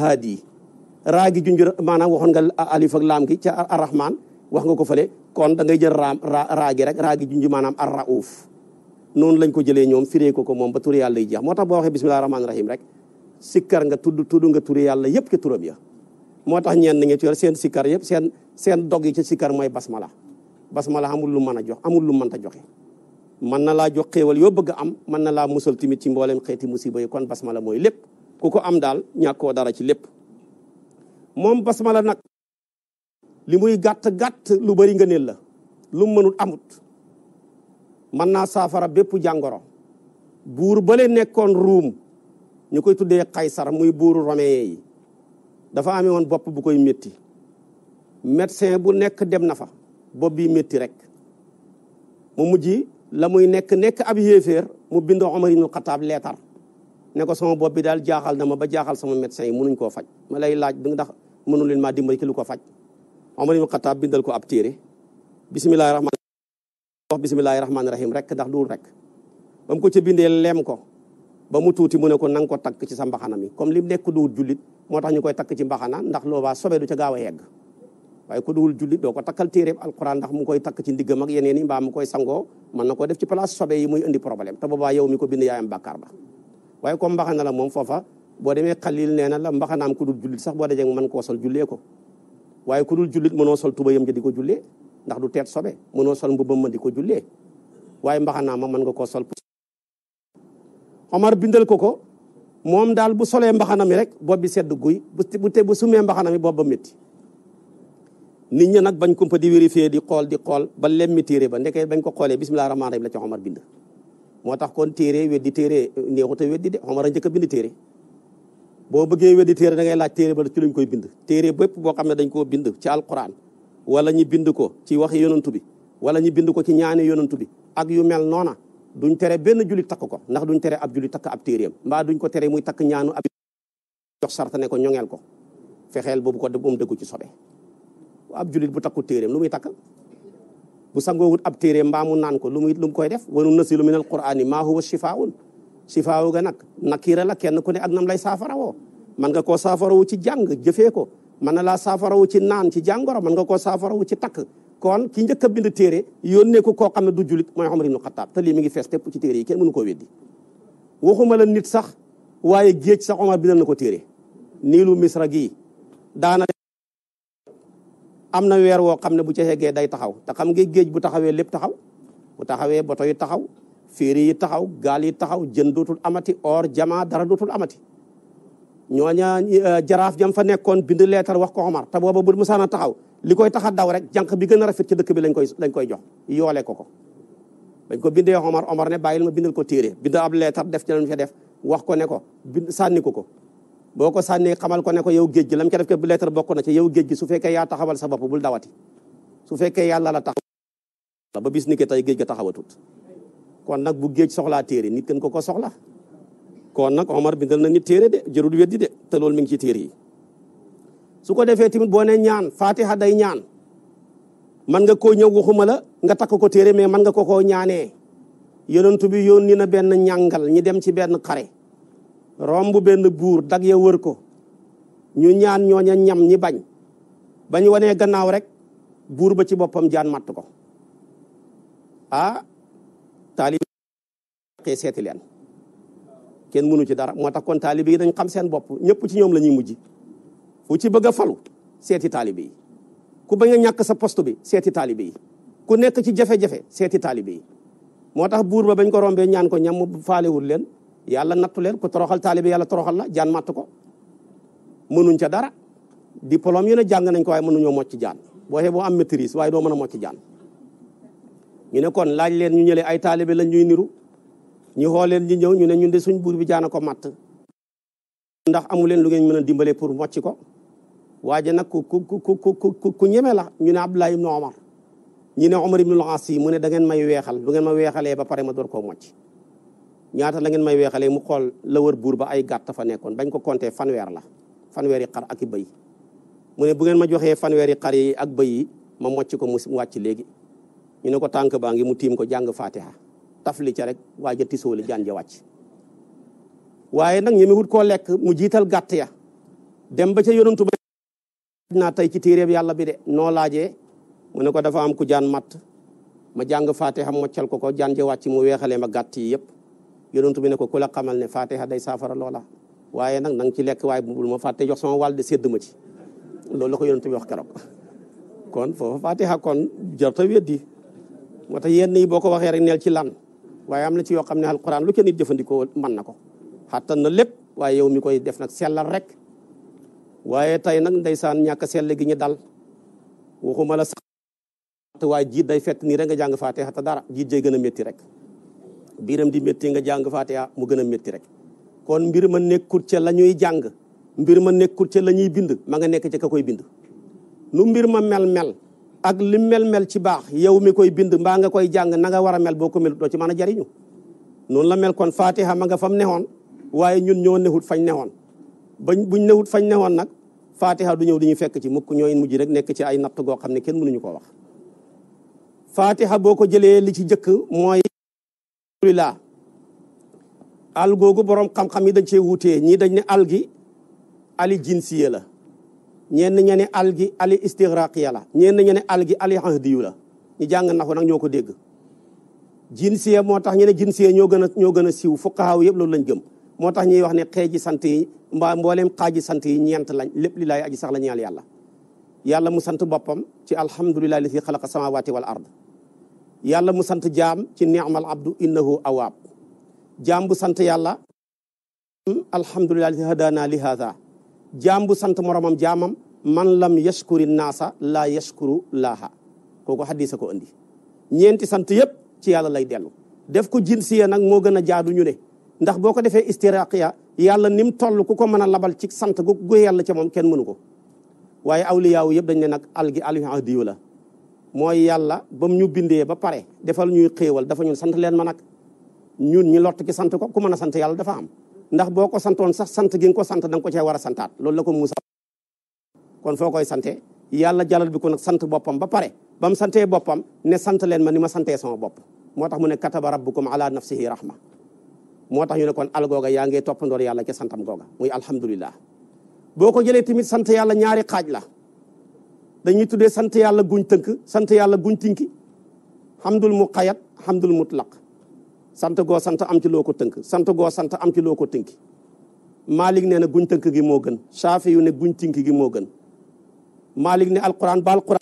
haadi raagi gi junj maanaam waxoon nga alif wax nga ko fële kon da ngay jël raam maanaam noonu lañ ko jëlee ñoom firee ko ko moom ba turi yàlla yi jeex moo tax boo waxee bisimilah rahmaani rahim rek sikkar nga tudd tudd nga turi yàlla yëpp ca turam ya moo tax ñeen ni nga ci seen sikkar yëpp seen seen dog yi ca sikkar mooy basmala basmala amul lu man a jox amul lu mënta joxe mën na laa jox xéewal yoo bëgg am mën na laa musal timit ci mboolem xeeti musiba yi kon basmala mooy lépp ku ko am daal ñàkkoo dara ci lépp moom basmala nag li muy gàtt gàtt lu bari nga neel la lu mënut amut mën naa saafara bépp jàngoro buur bale nekkoon ruum ñu koy tuddee Qaysar muy buur rome yi dafa amee woon bopp bu koy metti médecin bu nekk dem na fa bopp bi métti rek mu mujj la muy nekk nekk ab yéeféer mu bindoo Omar ibnul Xataab leetar nekko ko sama bopp bi daal jaaxal na ma ba jaaxal sama médecin yi mënuñ koo faj ma lay laaj bi ndax mënu leen maa dimbali ki lu ko faj Omar ibnul bindal ko ab téere bismillahi rahmaan wax bisimilahi rahmaani rahim rek ndax duul rek ba mu ko ca bindee leem ko ba mu tuuti mu ne ko na nga ko takk ci sa mbaxana mi comme lim nekk duwul jullit moo tax ñu koy takk ci mbaxana ndax loobaa sobe du ca gaaw a yegg waaye ku doo ko takkal téeréb alquran ndax mu koy takk ci ndiggam ak yeneen yi mu koy sangoo mën na ko def ci place sobe yi muy indi problème te boobaa yow mi ko bind yaayam bàkkaar ba waaye comme mbaxana la moom foofa boo demee xalil nee na la mbaxanaam ku dul jullit sax boo dajeg mën koo sol jullee ko waaye ku dul jullit mënoo sol tubayam ja di ko jullee ndax du teet sobe mënoo sol mbubbam ma di ko jullee waaye mbaxanaa ma mën nga koo sol Omar bindal ko ko moom daal bu solee mbaxana mi rek bopp bi sedd guy bu te bu sumee mbaxana mi bopp ba metti nit ñi nag bañ kumpa di vérifier di xool di xool ba lemmi téere ba ndeke bañ ko xoolee bismillah rahmaan la ci Omar bind moo tax kon téere weddi téere neexut a weddi de Omar a njëkk a bind téere boo bëggee weddi téere da ngay laaj téere ba ci luñ koy bind téere bépp boo xam ne dañ koo bind ci alquran wala ñi bind ko ci waxi yonantu bi wala ñi bind ko ci ñaani yonantu bi ak yu mel noona duñ tere benn jullit takk ko ndax duñ tere ab jullit takk ab téeréem mbaa duñ ko tere muy takk ñaanu ab jox sarta ne ko ñoŋeel ko fexeel boobu ko moom dëggu ci sobe ab jullit bu takku téeréem lu muy takk bu sangoowut ab téeréem mbaa mu naan ko lu muy lu mu koy def wanu nasilu min alqurani maa huwa shifaun shifaawu ga nag nakira la kenn ku ne ak nam lay saafara woo man nga koo saafara wu ci jàng jëfee ko mën na laa wu ci naan ci jàngoro mën nga koo wu ci takk kon ki njëkk a bind téere yónnee ko koo xam ne du julit mooy Omar ibnu Xataab te lii mi ngi fees tepp ci téere yi kenn mënu koo weddi waxuma la nit sax waaye géej sax Omar bindal na ko téere niilu misra gii daana am na weer woo xam ne bu ca xeggee day taxaw te xam nga géej bu taxawee lépp taxaw bu taxawee bato yi taxaw féeri yi taxaw gaal yi taxaw jën dootul amati or jama dara dootul amati ñooña euh, jaraaf jam fa nekkoon bind leetar wax ko Omar te booba bu musaana taxaw li koy tax daw rek jànq bi gën a rafet ci dëkk bi lañ koy lañ koy jox yoolee ko ko bañ ko bindee Omar Omar ne bàyyil ma bindal ko téere bind ab leetar def ci lañ fa def wax ko ne ko bind sànni ko ko boo ko sànni xamal ko ne ko yow géej gi lam ca def ko bu leetar bokk na ci yow géej gi su fekkee yaa taxawal sa bopp bul dawati su fekkee yàlla la tax ba bis ni ke tey géej ga taxawatut kon nag bu géej soxlaa téere nit kenn ko ko soxla kon nag Omar bindal na nit téere de jërul weddi de te loolu mi ngi ci téere yi su ko defee tamit boo ne ñaan fatiha day ñaan man nga koo ñëw waxuma la nga takk ko téere mais man nga ko koo ñaanee yonentu bi yónni na benn ñàngal ñi dem ci benn xare romb benn buur dag ya wër ko ñu ñaan ñooña ñam ñi bañ bañ wanee gannaaw rek buur ba ci boppam jaan matt ko ah taali seeti leen kenn mënu ci dara moo tax kon taalibe yi dañ xam seen bopp ñëpp ci ñoom la ñuy mujj fu ci bëgg a falu seeti taalibe yi ku bañ a ñàkk sa poste bi seeti taalibe yi ku nekk ci jafe-jafe seeti taalibe yi moo tax buur ba bañ ko rombee ñaan ko ñam faalewul leen yàlla nattu leen ku toroxal taalibe yàlla toroxal la jaan mat ko mënuñ ca dara diplôme yu jàng nañ ko waaye mënuñoo mocc jaan boo xee boo am maîtrise waaye doo mën a mocc jaan ñu ne kon laaj leen ñu ñële ay taalibe lañ ñuy niru ñu xool leen ñu ñëw ñu ne ñun de suñ buur bi jaana ko matt ndax amu leen lu ngeen mën a dimbale pour mocc ko waaye nag ku ku ku ku ñeme la ñu ne Abdullah ibnu Omar ñu ne Omar ibnu Laas yi mu ne da may weexal bu ngeen ma weexalee ba pare ma door koo mocc ñaata la ngeen may weexalee mu xool la wër buur ba ay gàtt fa nekkoon bañ ko compté fanweer la fanweer yi xar ak i bëy mu ne bu ngeen ma joxee fanweeri xar yi ak bëy yi ma mocc ko mu wàcc léegi ñu ne ko tànk baa ngi mu tiim ko jàng fatiha tafli ca rek waaj a tisooli jaan ja wàcc waaye nag ñi mi koo lekk mu jiital gàtt ya dem ba ca yonantu ba naa tey ci téeréeb yàlla bi de noo laajee mu ne ko dafa am ku jaan matt ma jàng fatiha moccal ko ko jaan ja wàcc mu weexalee ma gàtt yi yépp yonantu bi ne ko ku la xamal ne fatiha day saafara loola waaye nag nang ci lekk waaye bul ma fàtte jox sama wal de sédd ma ci loolu la ko yonantu bi keroog kon foofa fatiha kon jarta weddi moo tax yenn boo ko waxee rek neel lan waaye am na ci yoo xam ne alquran lu ca nit jëfandikoo mën na ko xattan na lépp waaye yow mi koy def nag sellal rek waaye tey nag ndeysaan ñàkk a sell gi ñu dal waxuma la sax waaye jiit day fekk nii rek nga jàng faatiha te dara jiit jay gën a métti rek biiram di métti nga jàng faatiha mu gën a métti rek kon mbir ma nekkul ca la ñuy jàng mbir ma nekkul ca la ñuy bind ma nga nekk ca ka koy bind nu mbir ma mel-mel ak li mel-mel ci baax yow mi koy bind mbaa nga koy jàng na nga a mel boo ko melut doo ci mën a jariñu noonu la mel kon fatiha ma nga fam newoon waaye ñun ñoo newut fañ newoon bañ buñ newut fañ newoon nag fatiha du ñëw di ñu fekk ci mukk ñooy mujj rek nekk ci ay natt goo xam ne kenn ñu ko wax fatiha boo ko jëlee li ci jëkk mooy alhamdulillah al googu boroom xam yi dañ cee wutee ñii dañ ne al gi ali la ñenn ña ne al gi ali istigraqiya la ñenn ña ne al gi ali ahdiyu la ñu jàng naxu nag ñoo ko dégg jinsiya moo tax ñu ne jinsiya ñoo gën a ñoo gën a siiw fuqahaa yëpp lañ gëm moo tax ñuy wax ne xeeji sant yi mbaa mbooleem xaaji sant yi ñeent lañ lépp li aji sax la ñeel yàlla yàlla mu sant boppam ci alhamdulillahi lazi xalaqa samawati wal ard yàlla mu sant jaam ci ni'mal abdu innahu awaab jaam bu sant yàlla alhamdulillahi lazi hadana li hada jaam bu sant moromam jaamam man lam yashkuri naasa laa yashkuru laaha kooku xadisa ko andi ñeenti sant yëpp ci yàlla lay dellu def ko jinsiya nag moo gën a jaadu ñu ne ndax boo ko defee ya yàlla ni mu toll ku ko mën a labal ci sant gu gu yàlla ca moom kenn mënu ko waaye awliyaawu yëpp dañ ne nag al gi alio diw la mooy yàlla ba mu ñu bindee ba pare defal ñuy xéewal dafa ñun sant leen ma nag ñun ñi lott ci sant ko ku mën a sant yàlla dafa am ndax boo ko santoon sax sant gin ko sant da ko cee war a santaat loolu la ko Moussa kon foo koy sante yàlla jalal bi kon nag sant boppam ba pare ba mu santee boppam ne sant leen ma ni ma santee sama bopp moo tax mu ne kataba rabbukum ala nafsihi rahma moo tax ñu ne kon al googa yaa ngi toppandoor yàlla ca santam googa muy alhamdulillah boo ko jëlee tamit sant yàlla ñaari xaaj la dañuy tuddee sant yàlla guñ tënk sant yàlla guñ tinki hamdul muqayyad hamdul mutlaq sant goo sant am ci loo ko tënk sant goo sant am ci loo ko tënki Malik nee na guñ tënk gi moo gën Shafi ne guñ tënk gi moo gën Malik ne alquran ba alquran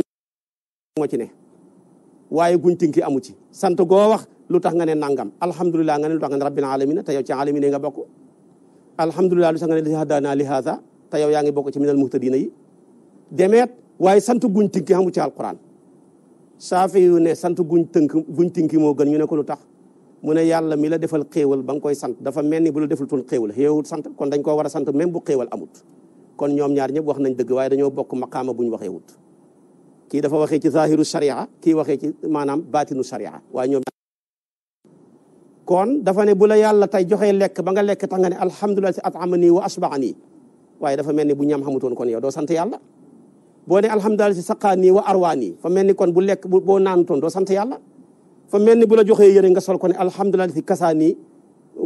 moo ci ne waaye guñ tënki amu ci sant goo wax lu tax nga ne nangam alhamdulilah nga ne lu tax nga ne rabbil alamin te yow ci alamin nga bokk alhamdulilah lu tax nga ne li hadana li hada te yow yaa ngi bokk ci minal muhtadina yi waaye sant guñ tënki amu ci alquran Shafi yu ne sant guñ tënk guñ tënki moo gën ñu ne ko lu tax mu ne yàlla mi la defal xéewal ba nga koy sant dafa mel ni bu la defal toon xéewal yow sant kon dañ koo war a sant même bu xéewal amut kon ñoom ñaar ñëpp wax nañ dëgg waaye dañoo bokk maqaama bu ñu waxee wut kii dafa waxee ci zahiru sharia kii waxee ci maanaam baatinu sharia waaye ñoom kon dafa ne bu la yàlla tey joxe lekk ba nga lekk tax nga ne alhamdulilah si atamani wa asbaani waaye dafa mel ni bu ñam xamutoon kon yow doo sant yàlla boo ne alhamdulilah si saqaani wa arwaani fa mel ni kon bu lekk boo naanutoon sant yàlla fa mel ni bu la joxee yëre nga sol ko ne alhamdulilah fi kasaa nii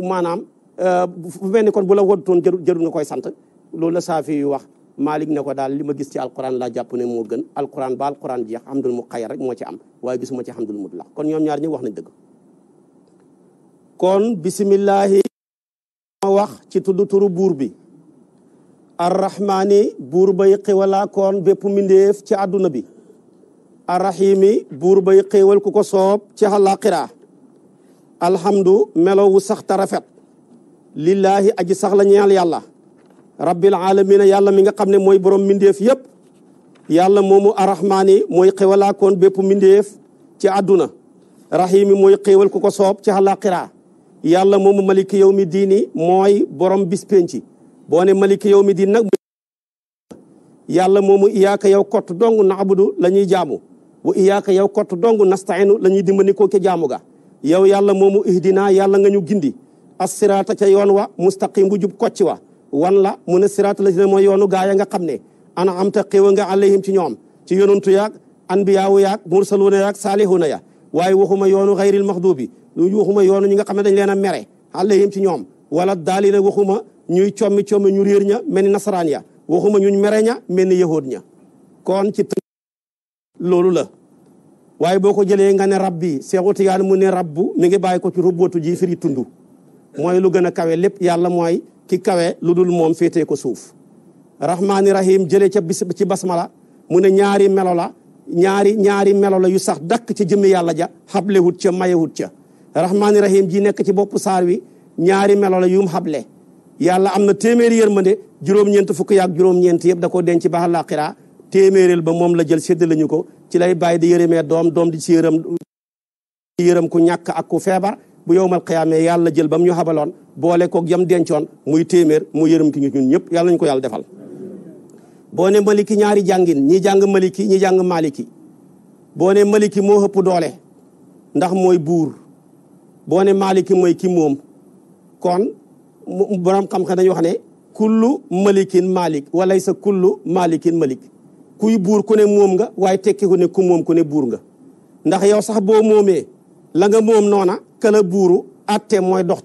maanaam fa euh, mel ni kon bu la waddutoon jëru jëru koy sant loolu la saafi yu wax Malik ne ko daal li ma gis ci alquran laa jàpp ne moo gën alquran ba alquran jeex hamdul mu xayar rek moo ci am waaye gisuma ci hamdul mu laq kon ñoom ñaar ñi wax nañ dëgg kon bisimillahi ma wax ci tudd turu buur bi arrahmaani buur ba bay xiwalaa koon bépp mbindéef ci àdduna bi arrahimi buur bay xéewal ku ko soob ci àllaaxira alhamdu melowu saxta rafet lillaahi aji sax la ñeel yàlla rabbil alamina yàlla mi nga xam ne mooy borom mindeef yépp yàlla moomu arrahmaani mooy xéewalaakoon bépp mindeef ci àdduna rahimi mooy xéewal ku ko soob ci àllaaxira yàlla moomu maliki yow mi diini mooy borom bis penci boo maliki yow mi diin nag yàlla moomu iyaaka yow kott dong naabudu la ñuy jaamu wa iyaaka yow kott dong nastainu la ñuy dimbali ko ca jaamu ga yow yàlla moomu ihdina yàlla nga ñu gindi assiraata ca yoon wa mustaqim bu jub kocc wa wan la mu ne siraata la dina mooy yoonu gaaya nga xam ne ana am ta xéw a nga alayhim ci ñoom ci yonantu yaag anbiyaawu yaag mursaluuna yaag saalihuna ya waaye waxuma yoonu xayril maxduubi waxuma yoonu ñi nga xam ne dañ leen a mere alayhim ci ñoom wala daalina waxuma ñuy commi commi ñu réer ña mel ni nasaraan ya waxuma ñuñ mere ña mel ña kon ci loolu la waaye boo ko jëlee nga ne rabbi Seexu Tijaan mu ne rabbu mi ngi bàyyi ko ci rubbootu ji firi tundu mooy lu gën a kawe lépp yàlla mooy ki kawe lu dul moom féetee ko suuf rahmaani rahim jëlee ca bas ci basmala mu ne ñaari melo la ñaari ñaari melo yu sax dakk ci jëmmi yàlla ja xablewut ca mayewut ca rahmaani rahim ji nekk ci bopp saar wi ñaari melo la yum xable yàlla am na téeméeri yërmande juróom-ñeent fukk yaak juróom-ñeent yëpp da koo denc ba àllaaxira téeméereel ba moom la jël séddale ñu ko ci lay bàyyi di yërëmee doom doom di ci yërëm di yërëm ku ñàkk ak ku feebar bu yowmal xiyaamee yàlla jël ba mu ñu xabaloon boole koog yam dencoon muy téeméer mu yërëm ki ñu ñun ñëpp yàlla ñu ko yàlla defal boo ne maliki ñaari jàngin ñi jàng maliki ñi jàng maliki boo ne maliki moo ëpp doole ndax mooy buur boo ne maliki mooy ki moom kon borom xam-xam dañuy wax ne kullu malikin malik walaysa kullu malikin malik kuy buur ku ne moom nga waaye tekki ku ne ku moom ku ne buur nga ndax yow sax boo moomee la nga moom noona kala buuru atte mooy dox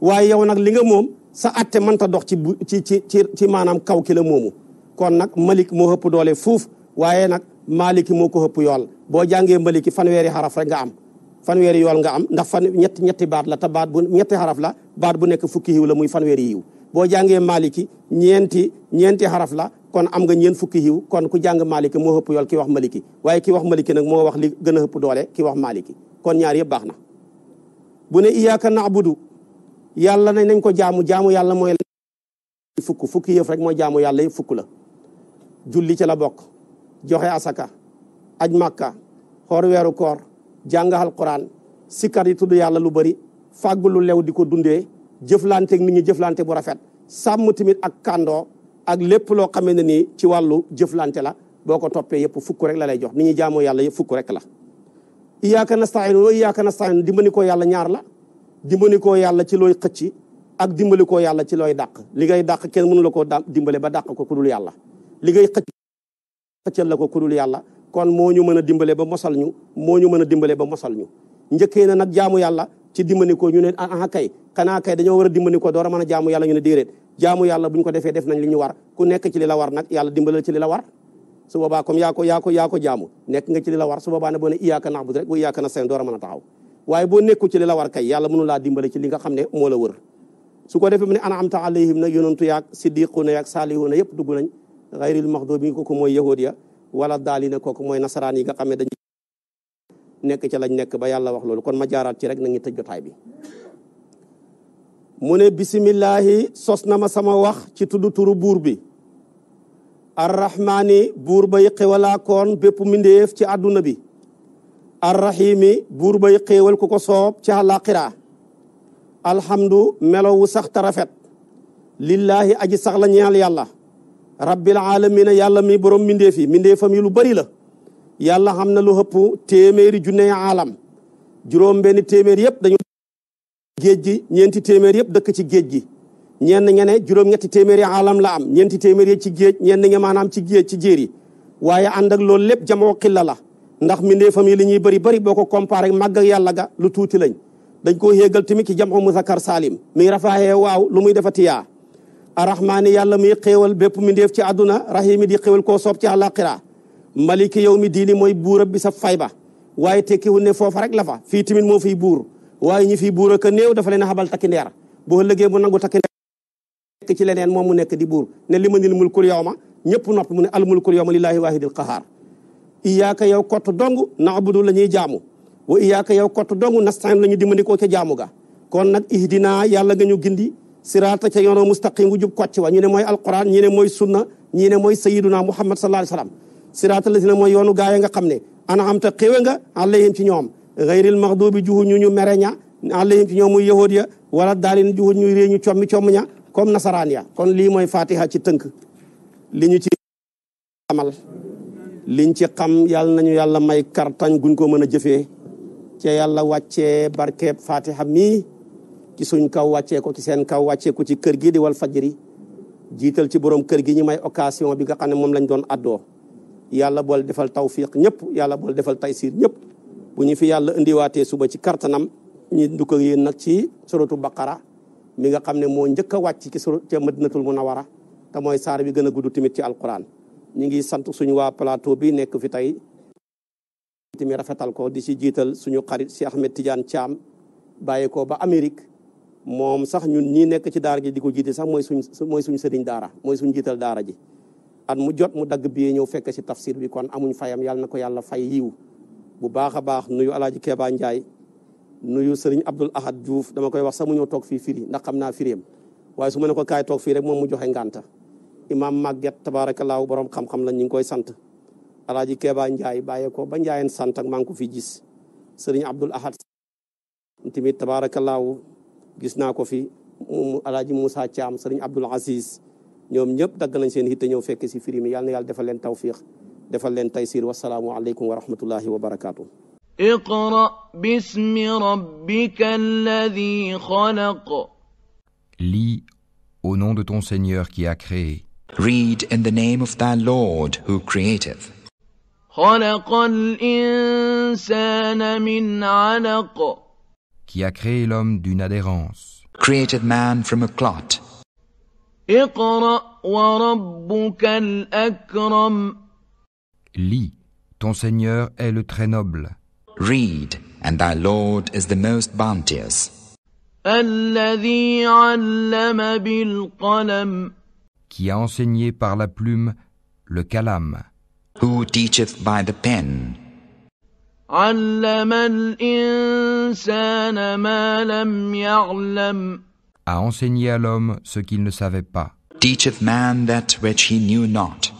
waaye yow nag li nga moom sa atte mënta dox ci ci ci ci ci maanaam kaw ki la moomu kon nag malik moo ëpp doole fuuf waaye nag maliki moo ko ëpp yool boo jàngee maliki fanweeri xaraf rek nga am fanweeri yool nga am ndax fan ñetti ñetti baat la te baat bu ñetti xaraf la baat bu nekk fukki yiw la muy fanweeri yiw boo jàngee maliki ñeenti ñeenti xaraf la kon am nga ñeen fukki yiw kon ku jàng maliki moo ëpp yool ki wax maliki waaye ki wax maliki nag moo wax li gën a ëpp doole ki wax maliki kon ñaar yëpp baax na bu ne iyaaka budu yàlla na nañ ko jaamu jaamu yàlla mooy fukk fukki yëf rek mooy jaamu yàlla yëpp fukk la julli ci la bokk joxe asaka aj màkka xoor weeru koor jàng alquran sikkar yi tudd yàlla lu bari fàggu lu lew di ko dundee jëflanteeg nit ñi jëflante bu rafet sàmm tamit ak kàndoo ak lépp loo xamee ne nii ci wàllu jëflante la boo ko toppee yëpp fukk rek la lay jox ni ñuy jaamoo yàlla yëpp fukk rek la iyaaka nasta'in wa iyaaka nasta'in dimbali ko yàlla ñaar la dimbali ko yàlla ci looy xëcc ak dimbali ko yàlla ci looy dàq li ngay dàq kenn mënu la koo dimbale ba dàq ko ku dul yàlla li ngay xëcc xëccal la ko ku dul yàlla kon moo ñu mën a dimbale ba mosal ñu moo ñu mën a dimbale ba mosal ñu njëkkee na nag jaamu yàlla ci dimbali ko ñu ne ah, ah kay xanaa kay dañoo war a dimbali ko door a a jaamu yàlla ñu ne déedéet jaamu yàlla bu ko defee def nañ li ñu war ku nekk ci li la war nag yàlla dimbalal ci li la war su boobaa comme yaa ko yaa jaamu nekk nga ci li la war su boobaa ne boo ne iyaaka na'budu rek a a taxaw waaye boo nekku ci li war kay yàlla mënu laa dimbale ci li nga xam ne moo la wër su ko defee mu ne an'amta alayhim nag yonantu yaag siddiquuna yaag saalihuuna yëpp dugg nañ xayril maxduubi kooku mooy yahudiya wala daalina kooku mooy nasaraan yi nga xam ne dañu nekk ci lañ nekk ba yàlla wax loolu kon ma jaaraat ci rek na ngi tëj jotaay bi mu ne bisimillahi sos na ma sama wax ci tuddu turu buur bi arrahmaani buur bay xewalaa bépp mindéef ci àdduna bi arrahimi buur bay xéewal ku ko soob ci àllaaxira alhamdu melowu sax ta rafet lillaahi aji sax la ñeel yàlla rabbil alamina yàlla mi borom mindéef yi mindéefam yi lu bari la yàlla xam na lu hëpp téeméeri junne aalam juróom benn téeméer yëpp dañu géej gi ñeenti téeméer yëpp dëkk ci géej gi ñenn ña ne juróom-ñetti téeméer yi alam am ñeenti téeméer yi ci géej ñenn ña maanaam ci géej ci jéer yi waaye ànd ak loolu lépp jamoo xilla la ndax mbindeefam yi li ñuy bëri bëri boo ko comparé màgg yàlla ga lu tuuti lañ dañ koo xéegal tamit ci jamoo musakkar saalim miy rafaaxee waaw lu muy defati yaa arrahmaani yàlla muy xéewal bépp mbindeef ci àdduna rahimi di xéewal koo soob ci àllaaxira maliki yow mi diini mooy buurab bi sa fay waaye tekkiwul ne foofa rek la fa fii tamit moo fiy buur waaye ñi fi buur ak néew dafa leen a xabal takki ndeer boo ëllëgee mu nangu takki ndeer nekk ci moom mu nekk di buur ne li ma nil mulkul yawma ñëpp nopp mu ne al mulkul yawma lillahi waahidil qahaar iyaaka yow kott dong naabudu la ñuy jaamu wa iyaaka yow kott dong nastain la ñu dimandikoo ca jaamu ga kon nag ihdina yàlla nga ñu gindi siraata ca yoonu mustaqim wu jub kocc wa ñu ne mooy alquran ñi ne mooy sunna ñi ne mooy sayiduna muhammad sallallahu alayhi wa sallam siraata la si ne mooy yoonu gaay nga xam ne ana am ta xéwe nga alayhim ci ñoom xayril maxduubi juhu ñu ñu mere ña alayhim ci ñoom muy yahud ya wala daalin juhu ñu rée ñu commi comm ña kom nasaraan ya kon lii mooy fatiha ci tënk li ñu ci xamal liñ ci xam yàlla nañu yàlla may kartañ guñ ko mën a jëfee ci yàlla wàccee barkeeb fatiha mii ci suñ kaw wàccee ko ci seen kaw wàccee ko ci kër gi di wal fajiri jiital ci borom kër gi ñi may occasion bi nga xam ne moom lañ doon addoo yàlla bool defal tawfiq ñëpp yàlla bool defal taysir ñëpp bu ñu fi yàlla indiwaatee suba ci kartanam ñu dugg ak yéen nag ci suratu baqara mi nga xam ne moo njëkk a wàcc ci sura ca madinatul munawara te mooy saar bi gën a gudd tamit ci alkuraan ñu ngi sant suñu waa plateau bi nekk fi tey tamit rafetal ko di si jiital suñu xarit si Ahmed Tidiane Thiam bàyyi ko ba Amérique moom sax ñun ñii nekk ci daara ji di ko jiite sax mooy suñ mooy suñ sëriñ daara mooy suñ jiital daara ji at mu jot mu dagg bi ñëw fekk si tafsir bi kon amuñ fayam yàlla na ko yàlla fay yiw bu baax a baax nuyu alaaji Keeba Njaay nuyu sëriñ Abdul Ahad juuf dama koy wax sax mu ñëw toog fii firi ndax xam na firiyam waaye su ma ne ko kaay toog fii rek moom mu joxe ngànta imaam Maguette law borom xam-xam la ñu ngi koy sant alaaji Keeba Njaay bàyyee ko ba Njaayeen sant ak maa ngi ko fi gis sëriñ Abdul Ahad tamit tabaarakallaahu gis naa ko fi mu alaaji Moussa Thiam sëriñ Abdul Aziz ñoom ñëpp dagg nañ seen hitte ñëw fekk si firi mi yàlla na yàlla defal leen tawfiix defal leen taysiir wasalaamu aleykum wa rahmatullahi wa barakaatu. iqra bismi rabbika alladi xalaq. Lis au nom de ton Seigneur qui a créé. Read in the name of thy Lord who created. xalaqal insaana min alaq. Qui a créé l'homme d'une adhérence. Created man from a clot. Iqra wa rabbuka al-akram. Lis, ton Seigneur est le très noble. Read, and thy Lord is the most bounteous. Qui a enseigné par la plume le calame. Who teacheth by the pen. A enseigné à l'homme ce qu'il ne savait pas. Teacheth man that which he knew not.